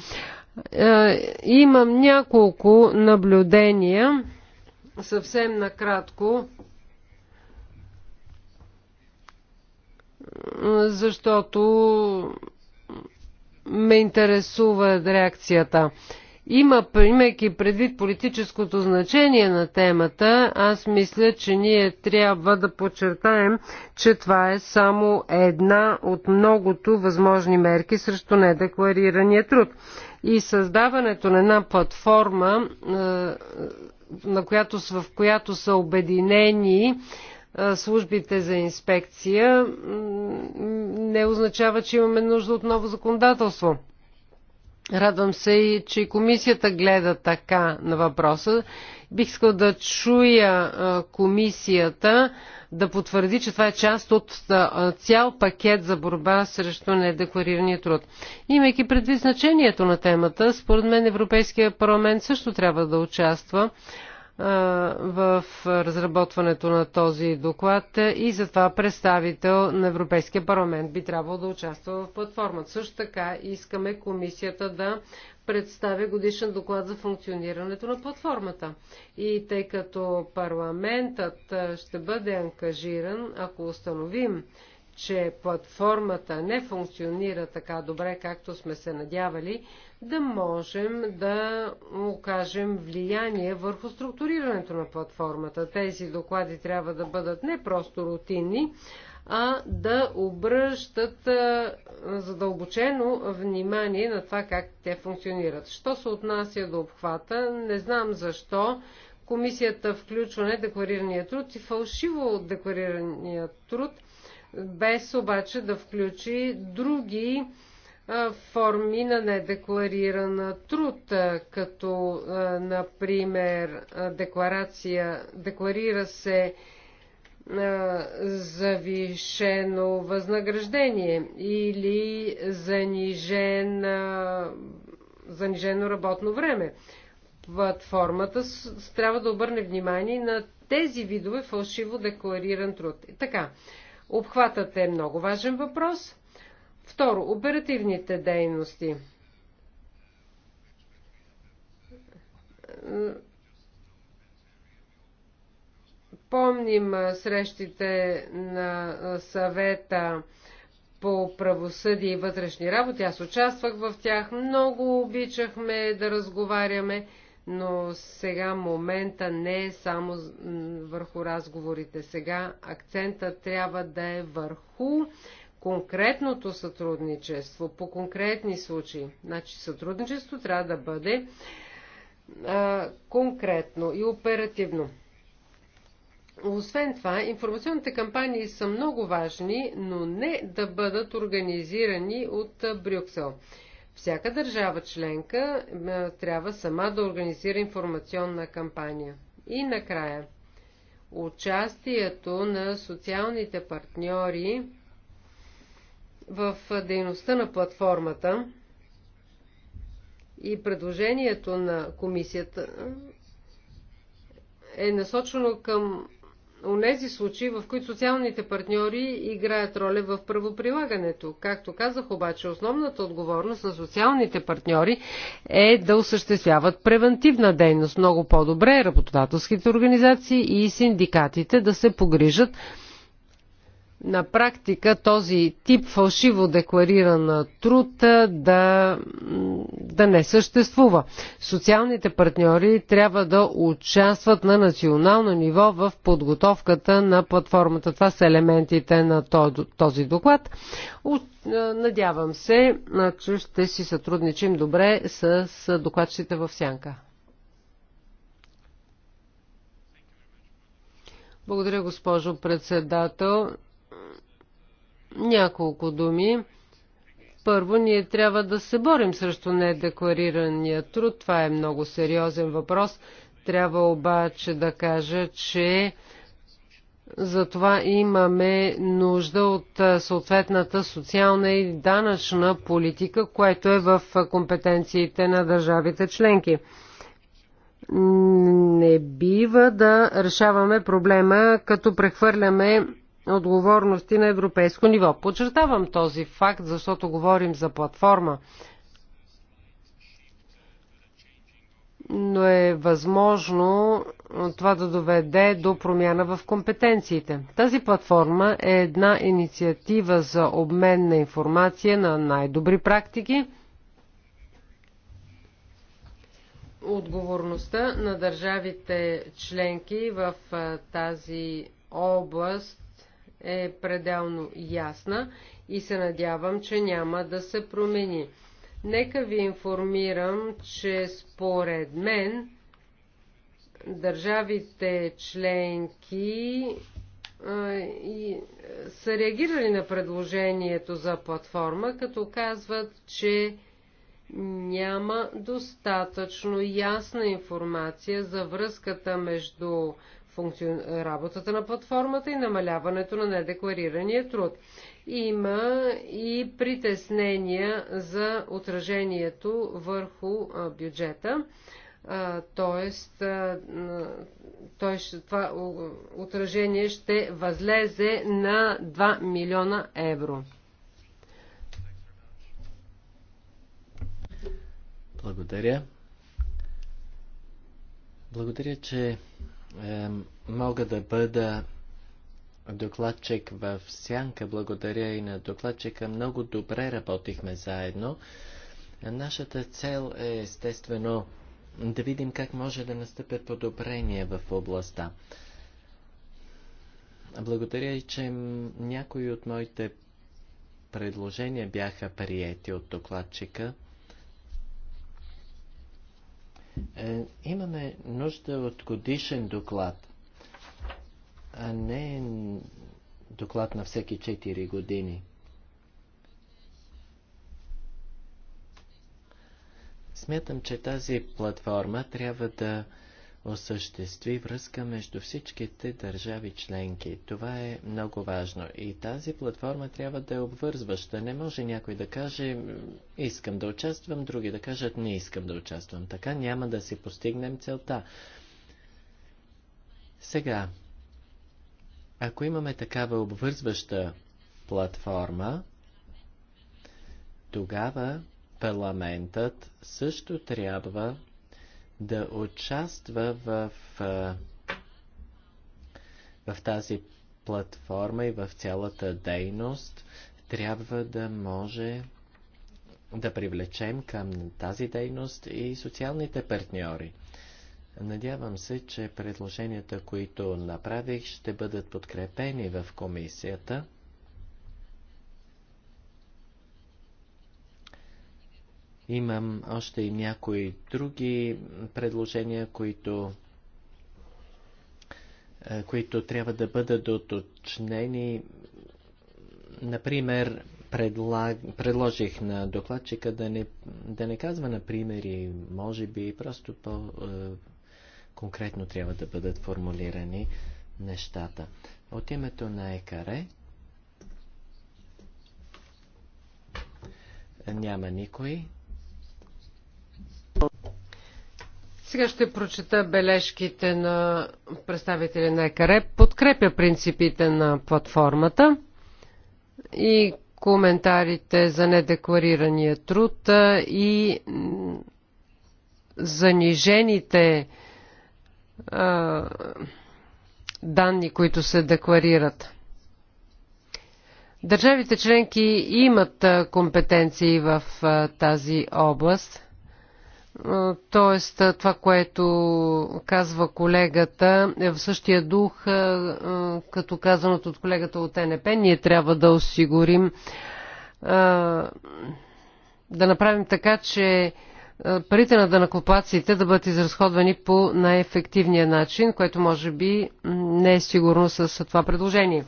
Е, имам няколко наблюдения, съвсем накратко, защото ме интересува реакцията. Има, имайки предвид политическото значение на темата, аз мисля, че ние трябва да подчертаем, че това е само една от многото възможни мерки срещу недекларирания труд. И създаването на една платформа, е, на която, в която са обединени е, службите за инспекция, не означава, че имаме нужда от ново законодателство. Радвам се и, че и комисията гледа така на въпроса. Бих искал да чуя комисията да потвърди, че това е част от цял пакет за борба срещу недекларирания труд. Имайки предвид значението на темата, според мен Европейския парламент също трябва да участва в разработването на този доклад и затова представител на Европейския парламент би трябвало да участва в платформата. Също така искаме комисията да представя годишен доклад за функционирането на платформата. И тъй като парламентът ще бъде ангажиран, ако установим, че платформата не функционира така добре, както сме се надявали, да можем да окажем влияние върху структурирането на платформата. Тези доклади трябва да бъдат не просто рутинни, а да обръщат задълбочено внимание на това как те функционират. Що се отнася до обхвата, не знам защо комисията включва недекларирания труд и фалшиво декларирания труд – без обаче да включи други форми на недеклариран труд, като например декларация, декларира се завишено възнаграждение или занижен, занижено работно време. Платформата трябва да обърне внимание на тези видове фалшиво деклариран труд. Така, Обхватът е много важен въпрос. Второ, оперативните дейности. Помним срещите на съвета по правосъдие и вътрешни работи. Аз участвах в тях. Много обичахме да разговаряме но сега момента не е само върху разговорите. Сега акцента трябва да е върху конкретното сътрудничество, по конкретни случаи. Значи сътрудничество трябва да бъде а, конкретно и оперативно. Освен това, информационните кампании са много важни, но не да бъдат организирани от Брюксел. Всяка държава членка трябва сама да организира информационна кампания. И накрая, участието на социалните партньори в дейността на платформата и предложението на комисията е насочено към онези случаи, в които социалните партньори играят роля в правоприлагането. Както казах обаче, основната отговорност на социалните партньори е да осъществяват превентивна дейност. Много по-добре е работодателските организации и синдикатите да се погрижат на практика този тип фалшиво деклариран труд да, да не съществува. Социалните партньори трябва да участват на национално ниво в подготовката на платформата. Това са елементите на този доклад. Надявам се, че ще си сътрудничим добре с докладчите в Сянка. Благодаря, госпожо председател. Няколко думи. Първо, ние трябва да се борим срещу недекларирания труд. Това е много сериозен въпрос. Трябва обаче да кажа, че затова имаме нужда от съответната социална и данъчна политика, което е в компетенциите на държавите членки. Не бива да решаваме проблема, като прехвърляме отговорности на европейско ниво. Подчертавам този факт, защото говорим за платформа. но е възможно това да доведе до промяна в компетенциите. Тази платформа е една инициатива за обмен на информация на най-добри практики. Отговорността на държавите членки в тази област е пределно ясна и се надявам, че няма да се промени. Нека ви информирам, че според мен държавите членки са реагирали на предложението за платформа, като казват, че няма достатъчно ясна информация за връзката между работата на платформата и намаляването на недекларирания труд. Има и притеснения за отражението върху бюджета т.е. това отражение ще възлезе на 2 милиона евро. Благодаря. Благодаря, че мога да бъда докладчик в Сянка. Благодаря и на докладчика. Много добре работихме заедно. Нашата цел е естествено да видим как може да настъпят подобрения в областта. Благодаря и, че някои от моите предложения бяха приети от докладчика. Е, имаме нужда от годишен доклад, а не доклад на всеки 4 години. Смятам, че тази платформа трябва да осъществи връзка между всичките държави членки. Това е много важно и тази платформа трябва да е обвързваща. Не може някой да каже искам да участвам, други да кажат не искам да участвам. Така няма да си постигнем целта. Сега, ако имаме такава обвързваща платформа, тогава парламентът също трябва да участва в, в, в тази платформа и в цялата дейност, трябва да може да привлечем към тази дейност и социалните партньори. Надявам се, че предложенията, които направих, ще бъдат подкрепени в комисията. Имам още и някои други предложения, които, е, които трябва да бъдат доточнени. Например, предлаг, предложих на докладчика да не, да не казва на примери, може би просто по-конкретно е, трябва да бъдат формулирани нещата. От името на Екаре няма никой. Сега ще прочета бележките на представители на ЕКАРЕ. Подкрепя принципите на платформата и коментарите за недекларирания труд и занижените а, данни, които се декларират. Държавите членки имат компетенции в тази област. Тоест, това, което казва колегата, е в същия дух, е, е, като казаното от колегата от НП. Ние трябва да осигурим, е, да направим така, че парите на данакоплаците да бъдат изразходвани по най-ефективния начин, което може би не е сигурно с това предложение.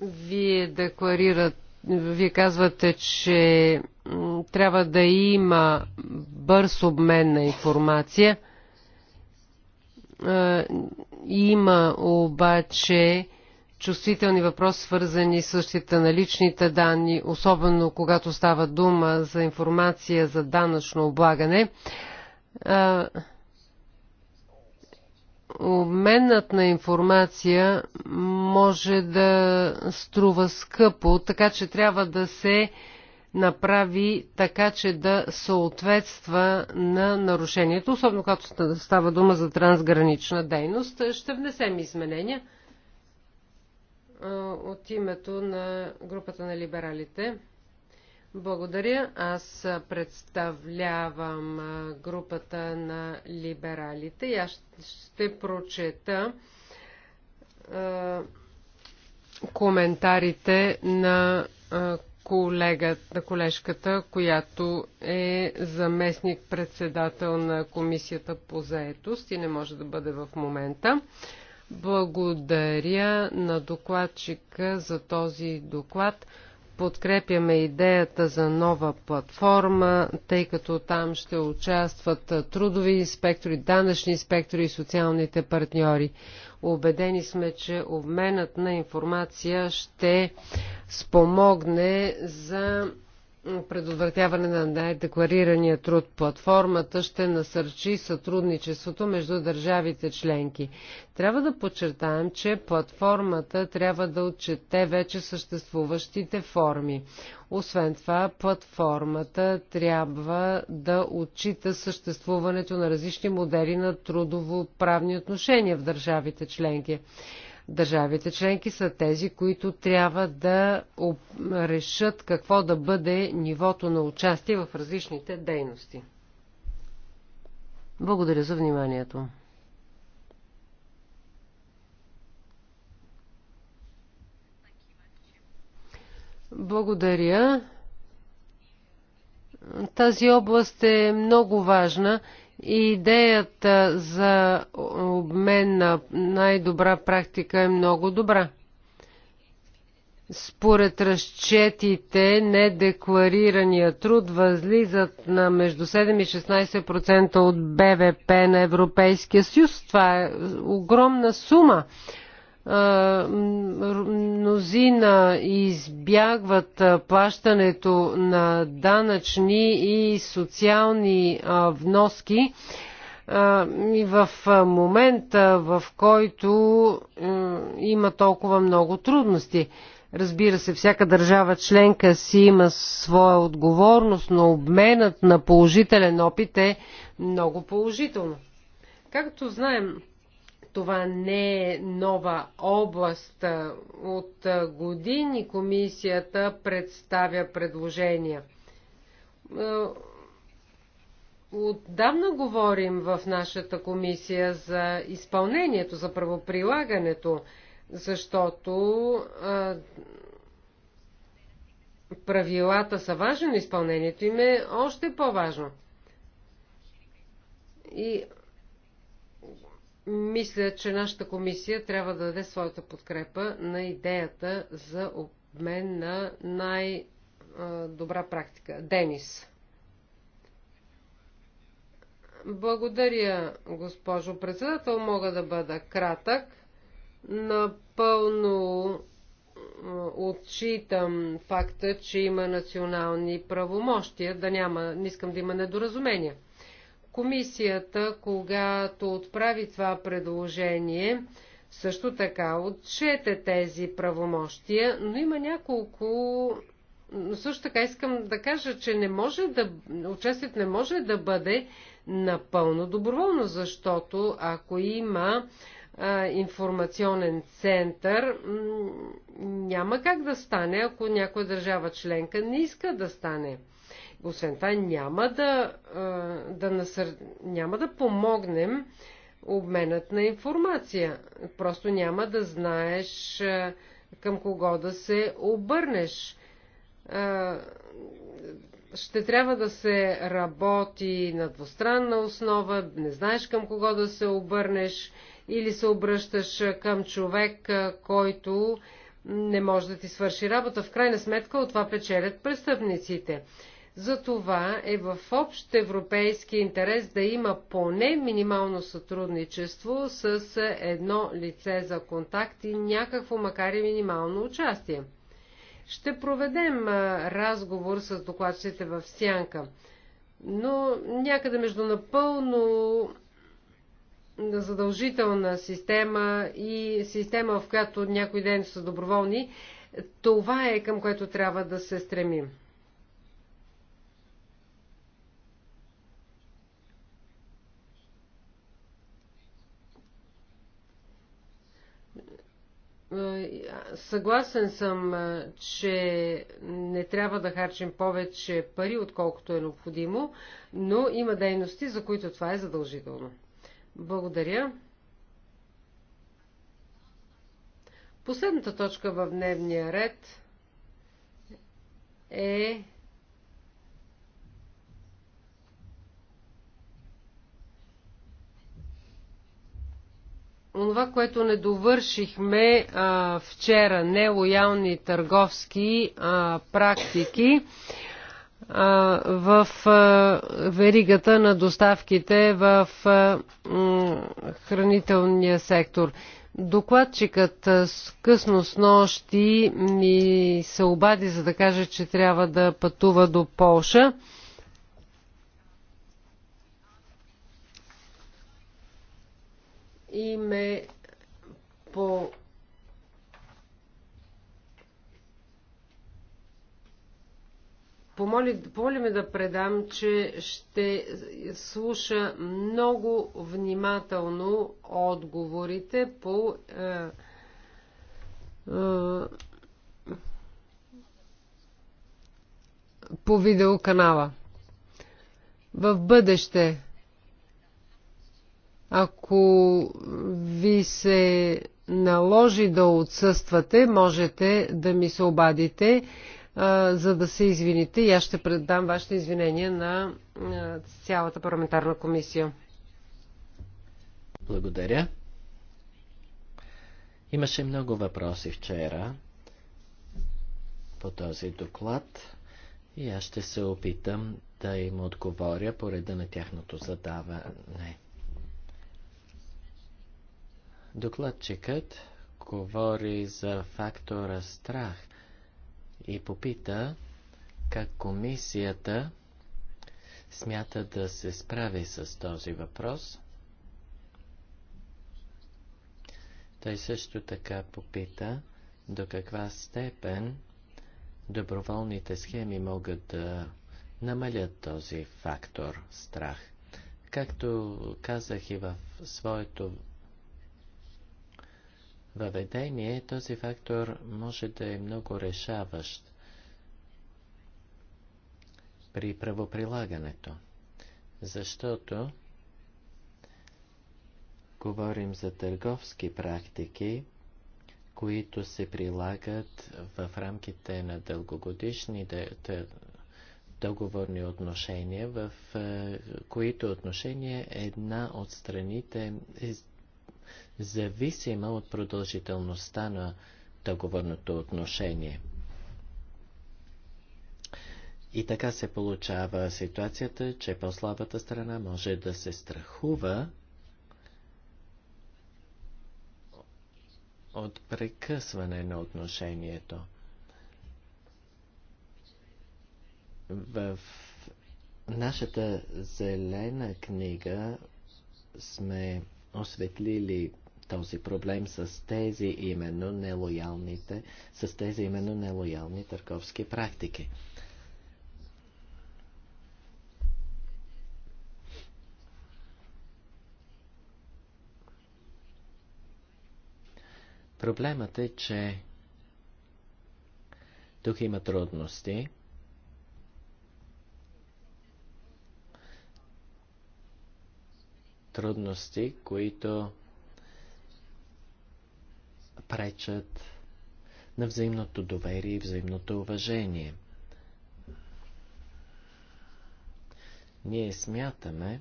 Вие декларират вие казвате, че трябва да има бърз обмен на информация. Има обаче чувствителни въпроси, свързани с защита на личните данни, особено когато става дума за информация за данъчно облагане обменът на информация може да струва скъпо, така че трябва да се направи така, че да съответства на нарушението, особено когато става дума за трансгранична дейност. Ще внесем изменения от името на групата на либералите. Благодаря. Аз представлявам групата на либералите и аз ще прочета коментарите на колегата, на колежката, която е заместник председател на комисията по заетост и не може да бъде в момента. Благодаря на докладчика за този доклад подкрепяме идеята за нова платформа, тъй като там ще участват трудови инспектори, данъчни инспектори и социалните партньори. Обедени сме, че обменът на информация ще спомогне за предотвратяване на най-декларирания труд. Платформата ще насърчи сътрудничеството между държавите членки. Трябва да подчертаем, че платформата трябва да отчете вече съществуващите форми. Освен това, платформата трябва да отчита съществуването на различни модели на трудово-правни отношения в държавите членки. Държавите членки са тези, които трябва да решат какво да бъде нивото на участие в различните дейности. Благодаря за вниманието. Благодаря. Тази област е много важна Идеята за обмен на най-добра практика е много добра. Според разчетите, недекларирания труд възлизат на между 7 и 16% от БВП на Европейския съюз. Това е огромна сума мнозина избягват плащането на данъчни и социални вноски. И в момента, в който има толкова много трудности. Разбира се, всяка държава членка си има своя отговорност, но обменът на положителен опит е много положително. Както знаем, това не е нова област. Е, от е, години комисията представя предложения. Е, отдавна говорим в нашата комисия за изпълнението, за правоприлагането, защото а, правилата са важни, изпълнението им е още по-важно. И мисля, че нашата комисия трябва да даде своята подкрепа на идеята за обмен на най-добра практика. Денис. Благодаря, госпожо председател. Мога да бъда кратък. Напълно отчитам факта, че има национални правомощия, да няма, не искам да има недоразумения. Комисията, когато отправи това предложение, също така отчете тези правомощия, но има няколко... Но също така искам да кажа, че не може да... участието не може да бъде напълно доброволно, защото ако има а, информационен център, няма как да стане, ако някоя държава членка не иска да стане. Освен това, няма да, да, насър... няма да помогнем обменът на информация. Просто няма да знаеш към кого да се обърнеш. Ще трябва да се работи на двустранна основа, не знаеш към кого да се обърнеш или се обръщаш към човек, който не може да ти свърши работа. В крайна сметка от това печелят престъпниците. Затова е в общ европейски интерес да има поне минимално сътрудничество с едно лице за контакт и някакво, макар и минимално участие. Ще проведем разговор с докладчите в Сянка, но някъде между напълно задължителна система и система, в която някой ден са доброволни, това е към което трябва да се стремим. Е, съгласен съм, е, че не трябва да харчим повече пари, отколкото е необходимо, но има дейности, за които това е задължително. Благодаря. Последната точка в дневния ред е Онова, което не довършихме а, вчера, нелоялни търговски а, практики а, в а, веригата на доставките в а, м, хранителния сектор. Докладчикът с късно с нощи ми се обади, за да каже, че трябва да пътува до Полша. и ме по помоли, помоли ме да предам, че ще слуша много внимателно отговорите по е, е, по видеоканала. В бъдеще ако ви се наложи да отсъствате, можете да ми се обадите, за да се извините и аз ще предам вашите извинения на цялата парламентарна комисия. Благодаря. Имаше много въпроси вчера по този доклад и аз ще се опитам да им отговоря по реда на тяхното задаване. Докладчикът говори за фактора страх и попита как комисията смята да се справи с този въпрос. Той също така попита до каква степен доброволните схеми могат да намалят този фактор страх. Както казах и в своето въведение, този фактор може да е много решаващ при правоприлагането, защото говорим за търговски практики, които се прилагат в рамките на дългогодишни договорни отношения, в е, които отношения една от страните зависима от продължителността на договорното отношение. И така се получава ситуацията, че по-слабата страна може да се страхува от прекъсване на отношението. В нашата зелена книга сме осветлили този проблем с тези именно нелоялните, с тези именно нелоялни търговски практики. Проблемът е, че тук има трудности – трудности, които пречат на взаимното доверие и взаимното уважение. Ние смятаме,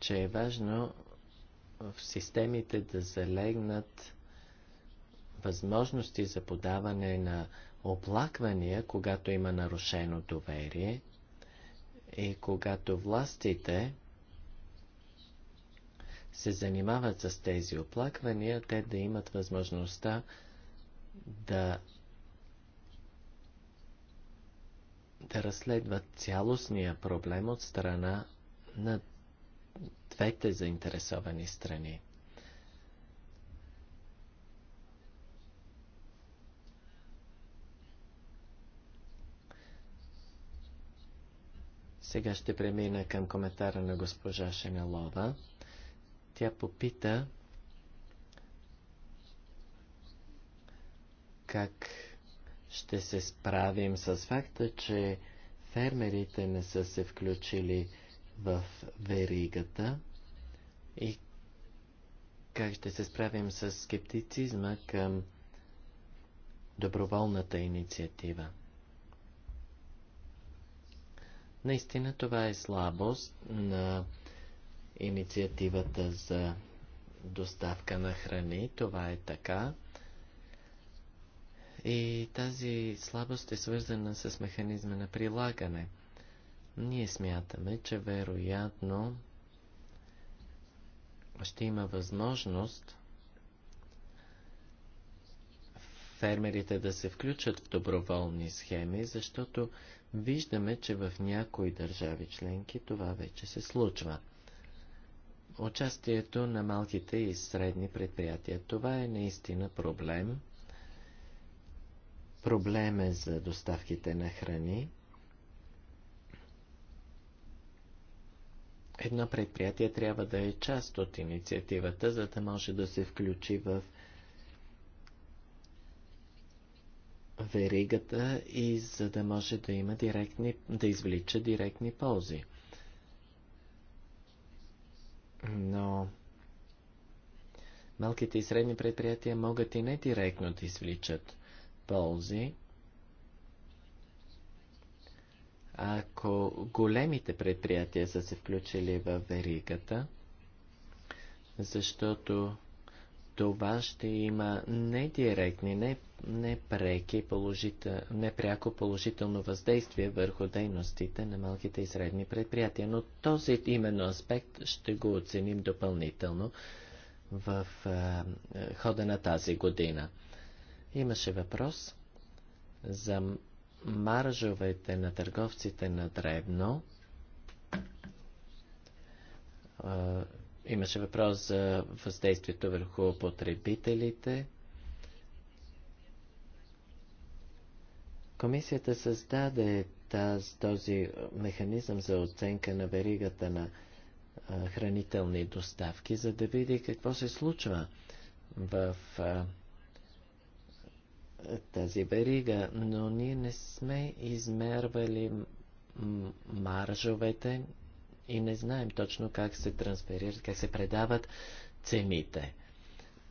че е важно в системите да залегнат възможности за подаване на оплаквания, когато има нарушено доверие – е когато властите се занимават с тези оплаквания, те да имат възможността да да разследват цялостния проблем от страна на двете заинтересовани страни. Сега ще премина към коментара на госпожа Шенелова. Тя попита как ще се справим с факта, че фермерите не са се включили в веригата и как ще се справим с скептицизма към доброволната инициатива. Наистина това е слабост на инициативата за доставка на храни. Това е така. И тази слабост е свързана с механизма на прилагане. Ние смятаме, че вероятно ще има възможност фермерите да се включат в доброволни схеми, защото Виждаме, че в някои държави членки това вече се случва. Участието на малките и средни предприятия. Това е наистина проблем. Проблем е за доставките на храни. Едно предприятие трябва да е част от инициативата, за да може да се включи в веригата и за да може да има директни, да извлича директни ползи. Но малките и средни предприятия могат и не директно да извличат ползи, ако големите предприятия са се включили в веригата, защото това ще има не директни, не непреки, положител, непряко положително въздействие върху дейностите на малките и средни предприятия. Но този именно аспект ще го оценим допълнително в хода на тази година. Имаше въпрос за маржовете на търговците на дребно. Имаше въпрос за въздействието върху потребителите. Комисията създаде таз, този механизъм за оценка на веригата на хранителни доставки, за да види какво се случва в а, тази верига, но ние не сме измервали маржовете и не знаем точно как се трансферират, как се предават цените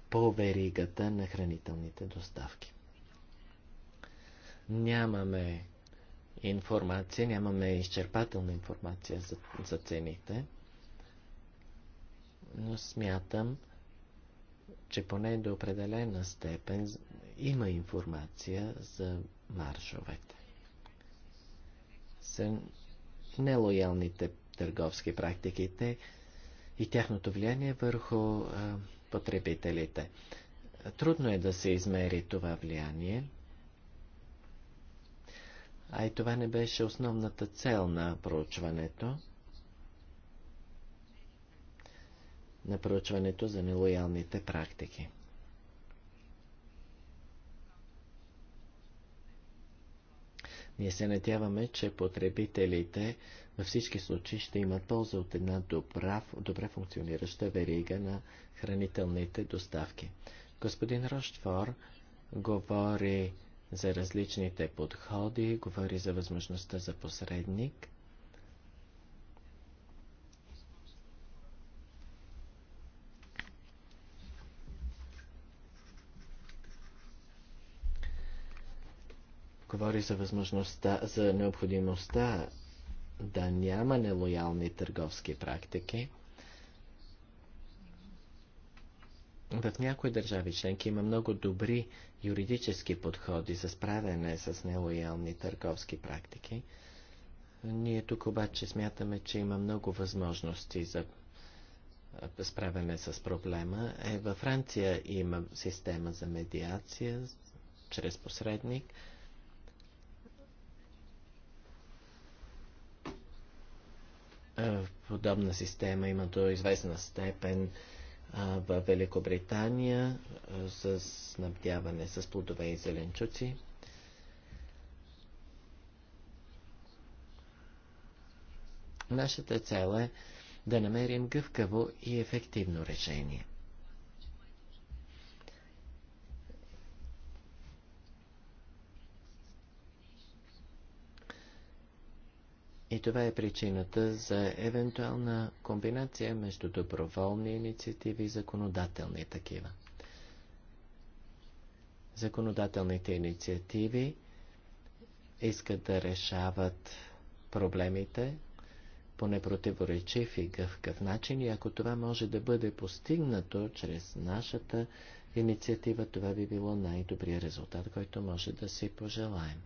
по веригата на хранителните доставки. Нямаме информация, нямаме изчерпателна информация за, за цените, но смятам, че поне до определена степен има информация за маршовете. С нелоялните търговски практиките и тяхното влияние върху а, потребителите. Трудно е да се измери това влияние, а и това не беше основната цел на проучването. на проучването за нелоялните практики. Ние се надяваме, че потребителите във всички случаи ще имат полза от една добра, добре функционираща верига на хранителните доставки. Господин Рошфор говори за различните подходи, говори за възможността за посредник. Говори за възможността, за необходимостта да няма нелоялни търговски практики. в някои държави членки има много добри юридически подходи за справяне с нелоялни търговски практики. Ние тук обаче смятаме, че има много възможности за справяне с проблема. Е, във Франция има система за медиация чрез посредник. Е, подобна система има до известна степен в Великобритания с снабдяване с плодове и зеленчуци. Нашата цел е да намерим гъвкаво и ефективно решение. И това е причината за евентуална комбинация между доброволни инициативи и законодателни такива. Законодателните инициативи искат да решават проблемите по непротиворечив и гъвкав начин и ако това може да бъде постигнато чрез нашата инициатива, това би било най-добрият резултат, който може да си пожелаем.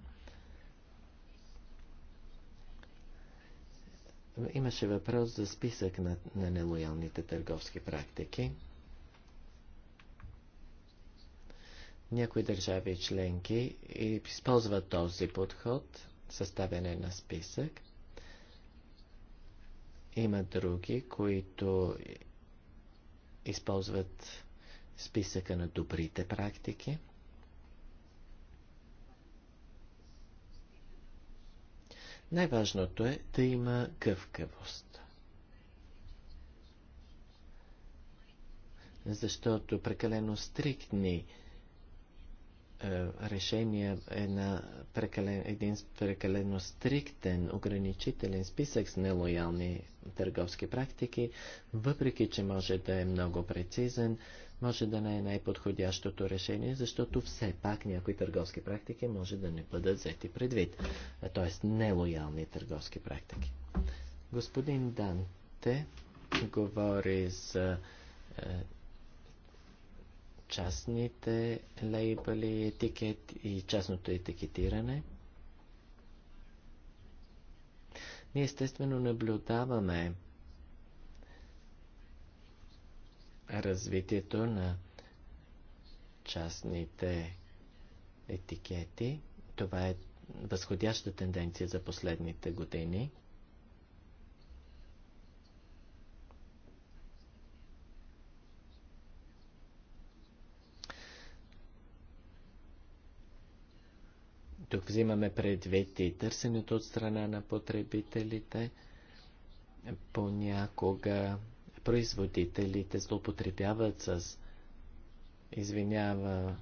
Имаше въпрос за списък на, на нелоялните търговски практики. Някои държави членки използват този подход, съставяне на списък. Има други, които използват списъка на добрите практики. Най-важното е да има гъвкавост. Защото прекалено стриктни е, решения, на прекален, един прекалено стриктен, ограничителен списък с нелоялни търговски практики, въпреки че може да е много прецизен, може да не е най-подходящото решение, защото все пак някои търговски практики може да не бъдат взети предвид, т.е. нелоялни търговски практики. Господин Данте говори за е, частните лейбъли, етикет и частното етикетиране. Ние естествено наблюдаваме развитието на частните етикети. Това е възходяща тенденция за последните години. Тук взимаме предвид и търсенето от страна на потребителите. Понякога производителите злоупотребяват с извинява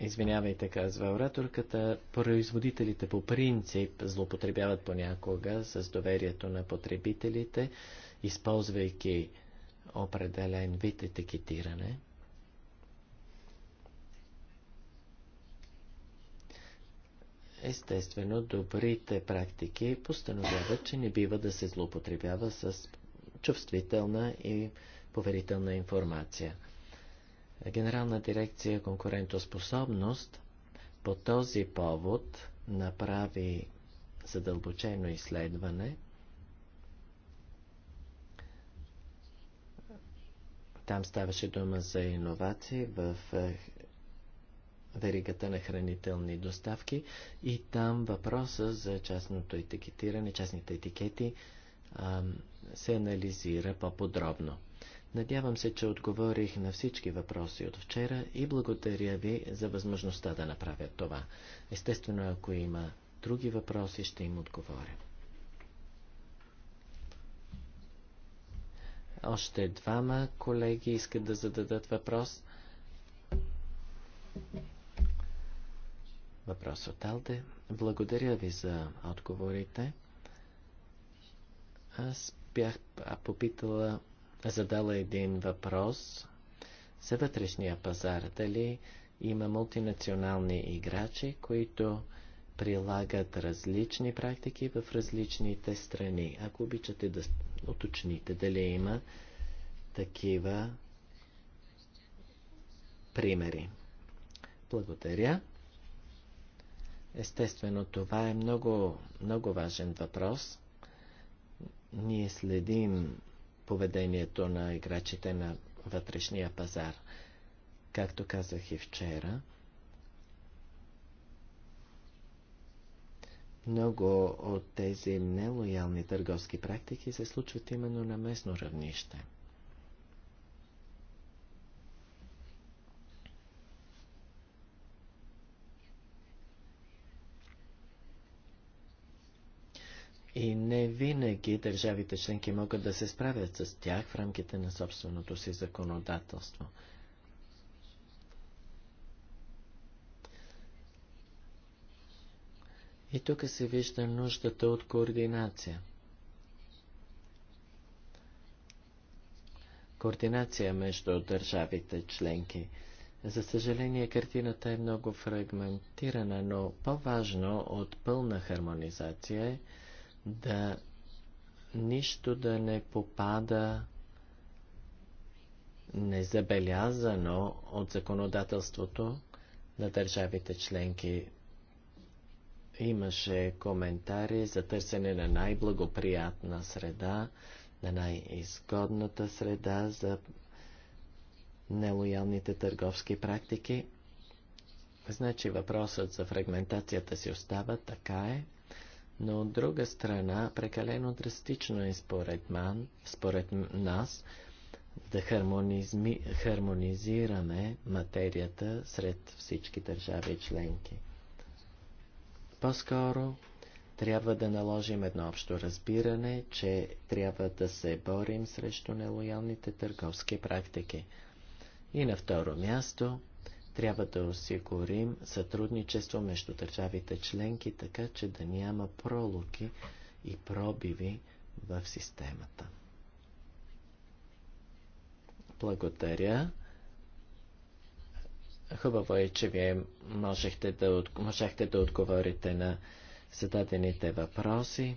Извинявайте, казва ораторката, производителите по принцип злоупотребяват понякога с доверието на потребителите, използвайки определен вид етикетиране – Естествено, добрите практики постановяват, че не бива да се злоупотребява с чувствителна и поверителна информация. Генерална дирекция конкурентоспособност по този повод направи задълбочено изследване. Там ставаше дума за иновации в веригата на хранителни доставки и там въпроса за частното етикетиране, частните етикети а, се анализира по-подробно. Надявам се, че отговорих на всички въпроси от вчера и благодаря ви за възможността да направя това. Естествено, ако има други въпроси, ще им отговоря. Още двама колеги искат да зададат въпрос въпрос от Алде. Благодаря ви за отговорите. Аз бях попитала, задала един въпрос за вътрешния пазар. Дали има мултинационални играчи, които прилагат различни практики в различните страни. Ако обичате да уточните дали има такива примери. Благодаря. Естествено, това е много, много важен въпрос. Ние следим поведението на играчите на вътрешния пазар. Както казах и вчера, много от тези нелоялни търговски практики се случват именно на местно равнище. и не винаги държавите членки могат да се справят с тях в рамките на собственото си законодателство. И тук се вижда нуждата от координация. Координация между държавите членки. За съжаление, картината е много фрагментирана, но по-важно от пълна хармонизация е да нищо да не попада незабелязано от законодателството на държавите членки. Имаше коментари за търсене на най-благоприятна среда, на най-изгодната среда за нелоялните търговски практики. Значи въпросът за фрагментацията си остава, така е но от друга страна прекалено драстично е според, ман, според нас да хармонизми, хармонизираме материята сред всички държави и членки. По-скоро трябва да наложим едно общо разбиране, че трябва да се борим срещу нелоялните търговски практики. И на второ място – трябва да осигурим сътрудничество между държавите членки, така че да няма пролуки и пробиви в системата. Благодаря. Хубаво е, че вие можехте да, можехте да отговорите на зададените въпроси.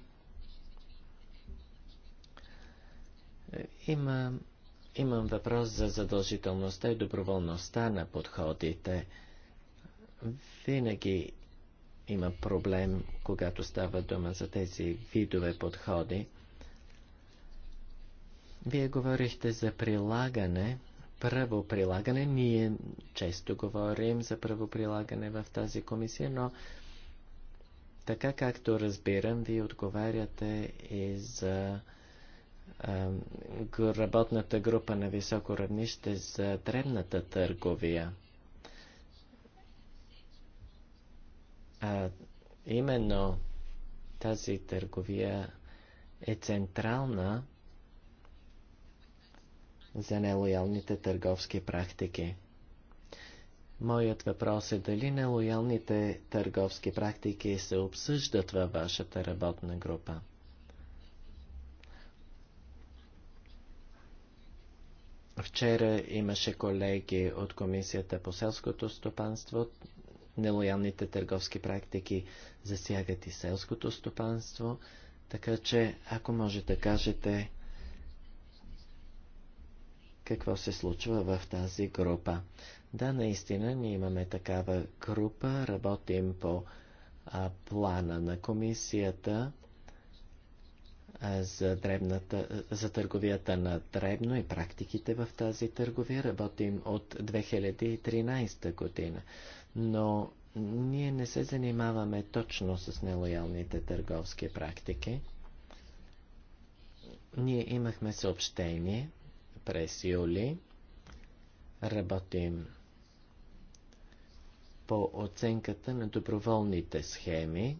Има Имам въпрос за задължителността и доброволността на подходите. Винаги има проблем, когато става дума за тези видове подходи. Вие говорихте за прилагане, прилагане, Ние често говорим за прилагане в тази комисия, но така както разбирам, вие отговаряте и за работната група на високо равнище за древната търговия. А, именно тази търговия е централна за нелоялните търговски практики. Моят въпрос е дали нелоялните търговски практики се обсъждат във вашата работна група. Вчера имаше колеги от Комисията по селското стопанство. Нелоялните търговски практики засягат и селското стопанство. Така че, ако може да кажете какво се случва в тази група. Да, наистина, ние имаме такава група, работим по а, плана на комисията за, дребната, за търговията на дребно и практиките в тази търговия. Работим от 2013 година, но ние не се занимаваме точно с нелоялните търговски практики. Ние имахме съобщение през юли. Работим по оценката на доброволните схеми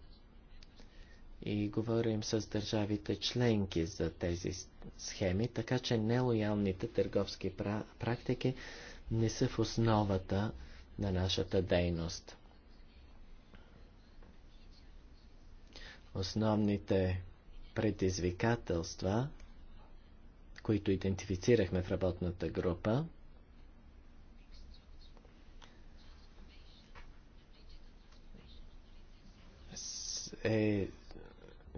и говорим с държавите членки за тези схеми, така че нелоялните търговски практики не са в основата на нашата дейност. Основните предизвикателства, които идентифицирахме в работната група, е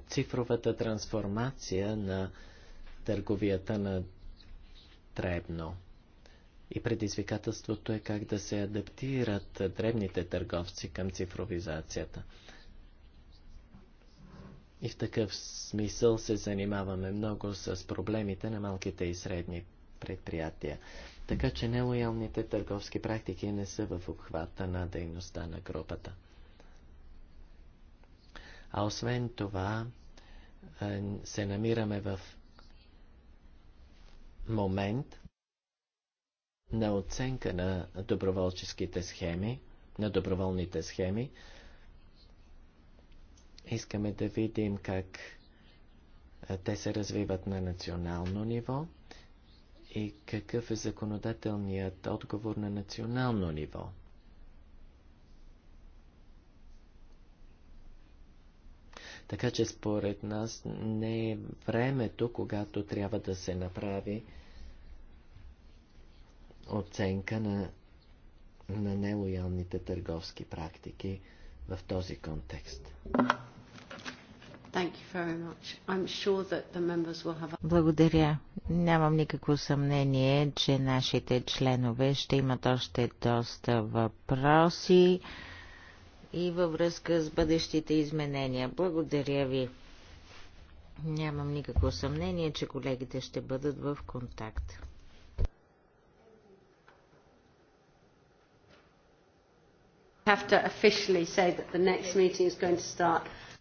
цифровата трансформация на търговията на дребно. И предизвикателството е как да се адаптират дребните търговци към цифровизацията. И в такъв смисъл се занимаваме много с проблемите на малките и средни предприятия. Така че нелоялните търговски практики не са в обхвата на дейността на групата. А освен това, се намираме в момент на оценка на доброволческите схеми, на доброволните схеми. Искаме да видим как те се развиват на национално ниво и какъв е законодателният отговор на национално ниво. Така че според нас не е времето, когато трябва да се направи оценка на, на нелоялните търговски практики в този контекст. Sure have... Благодаря. Нямам никакво съмнение, че нашите членове ще имат още доста въпроси и във връзка с бъдещите изменения. Благодаря ви. Нямам никакво съмнение, че колегите ще бъдат в контакт.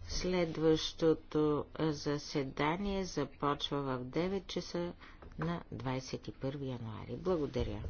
Следващото заседание започва в 9 часа на 21 януари. Благодаря.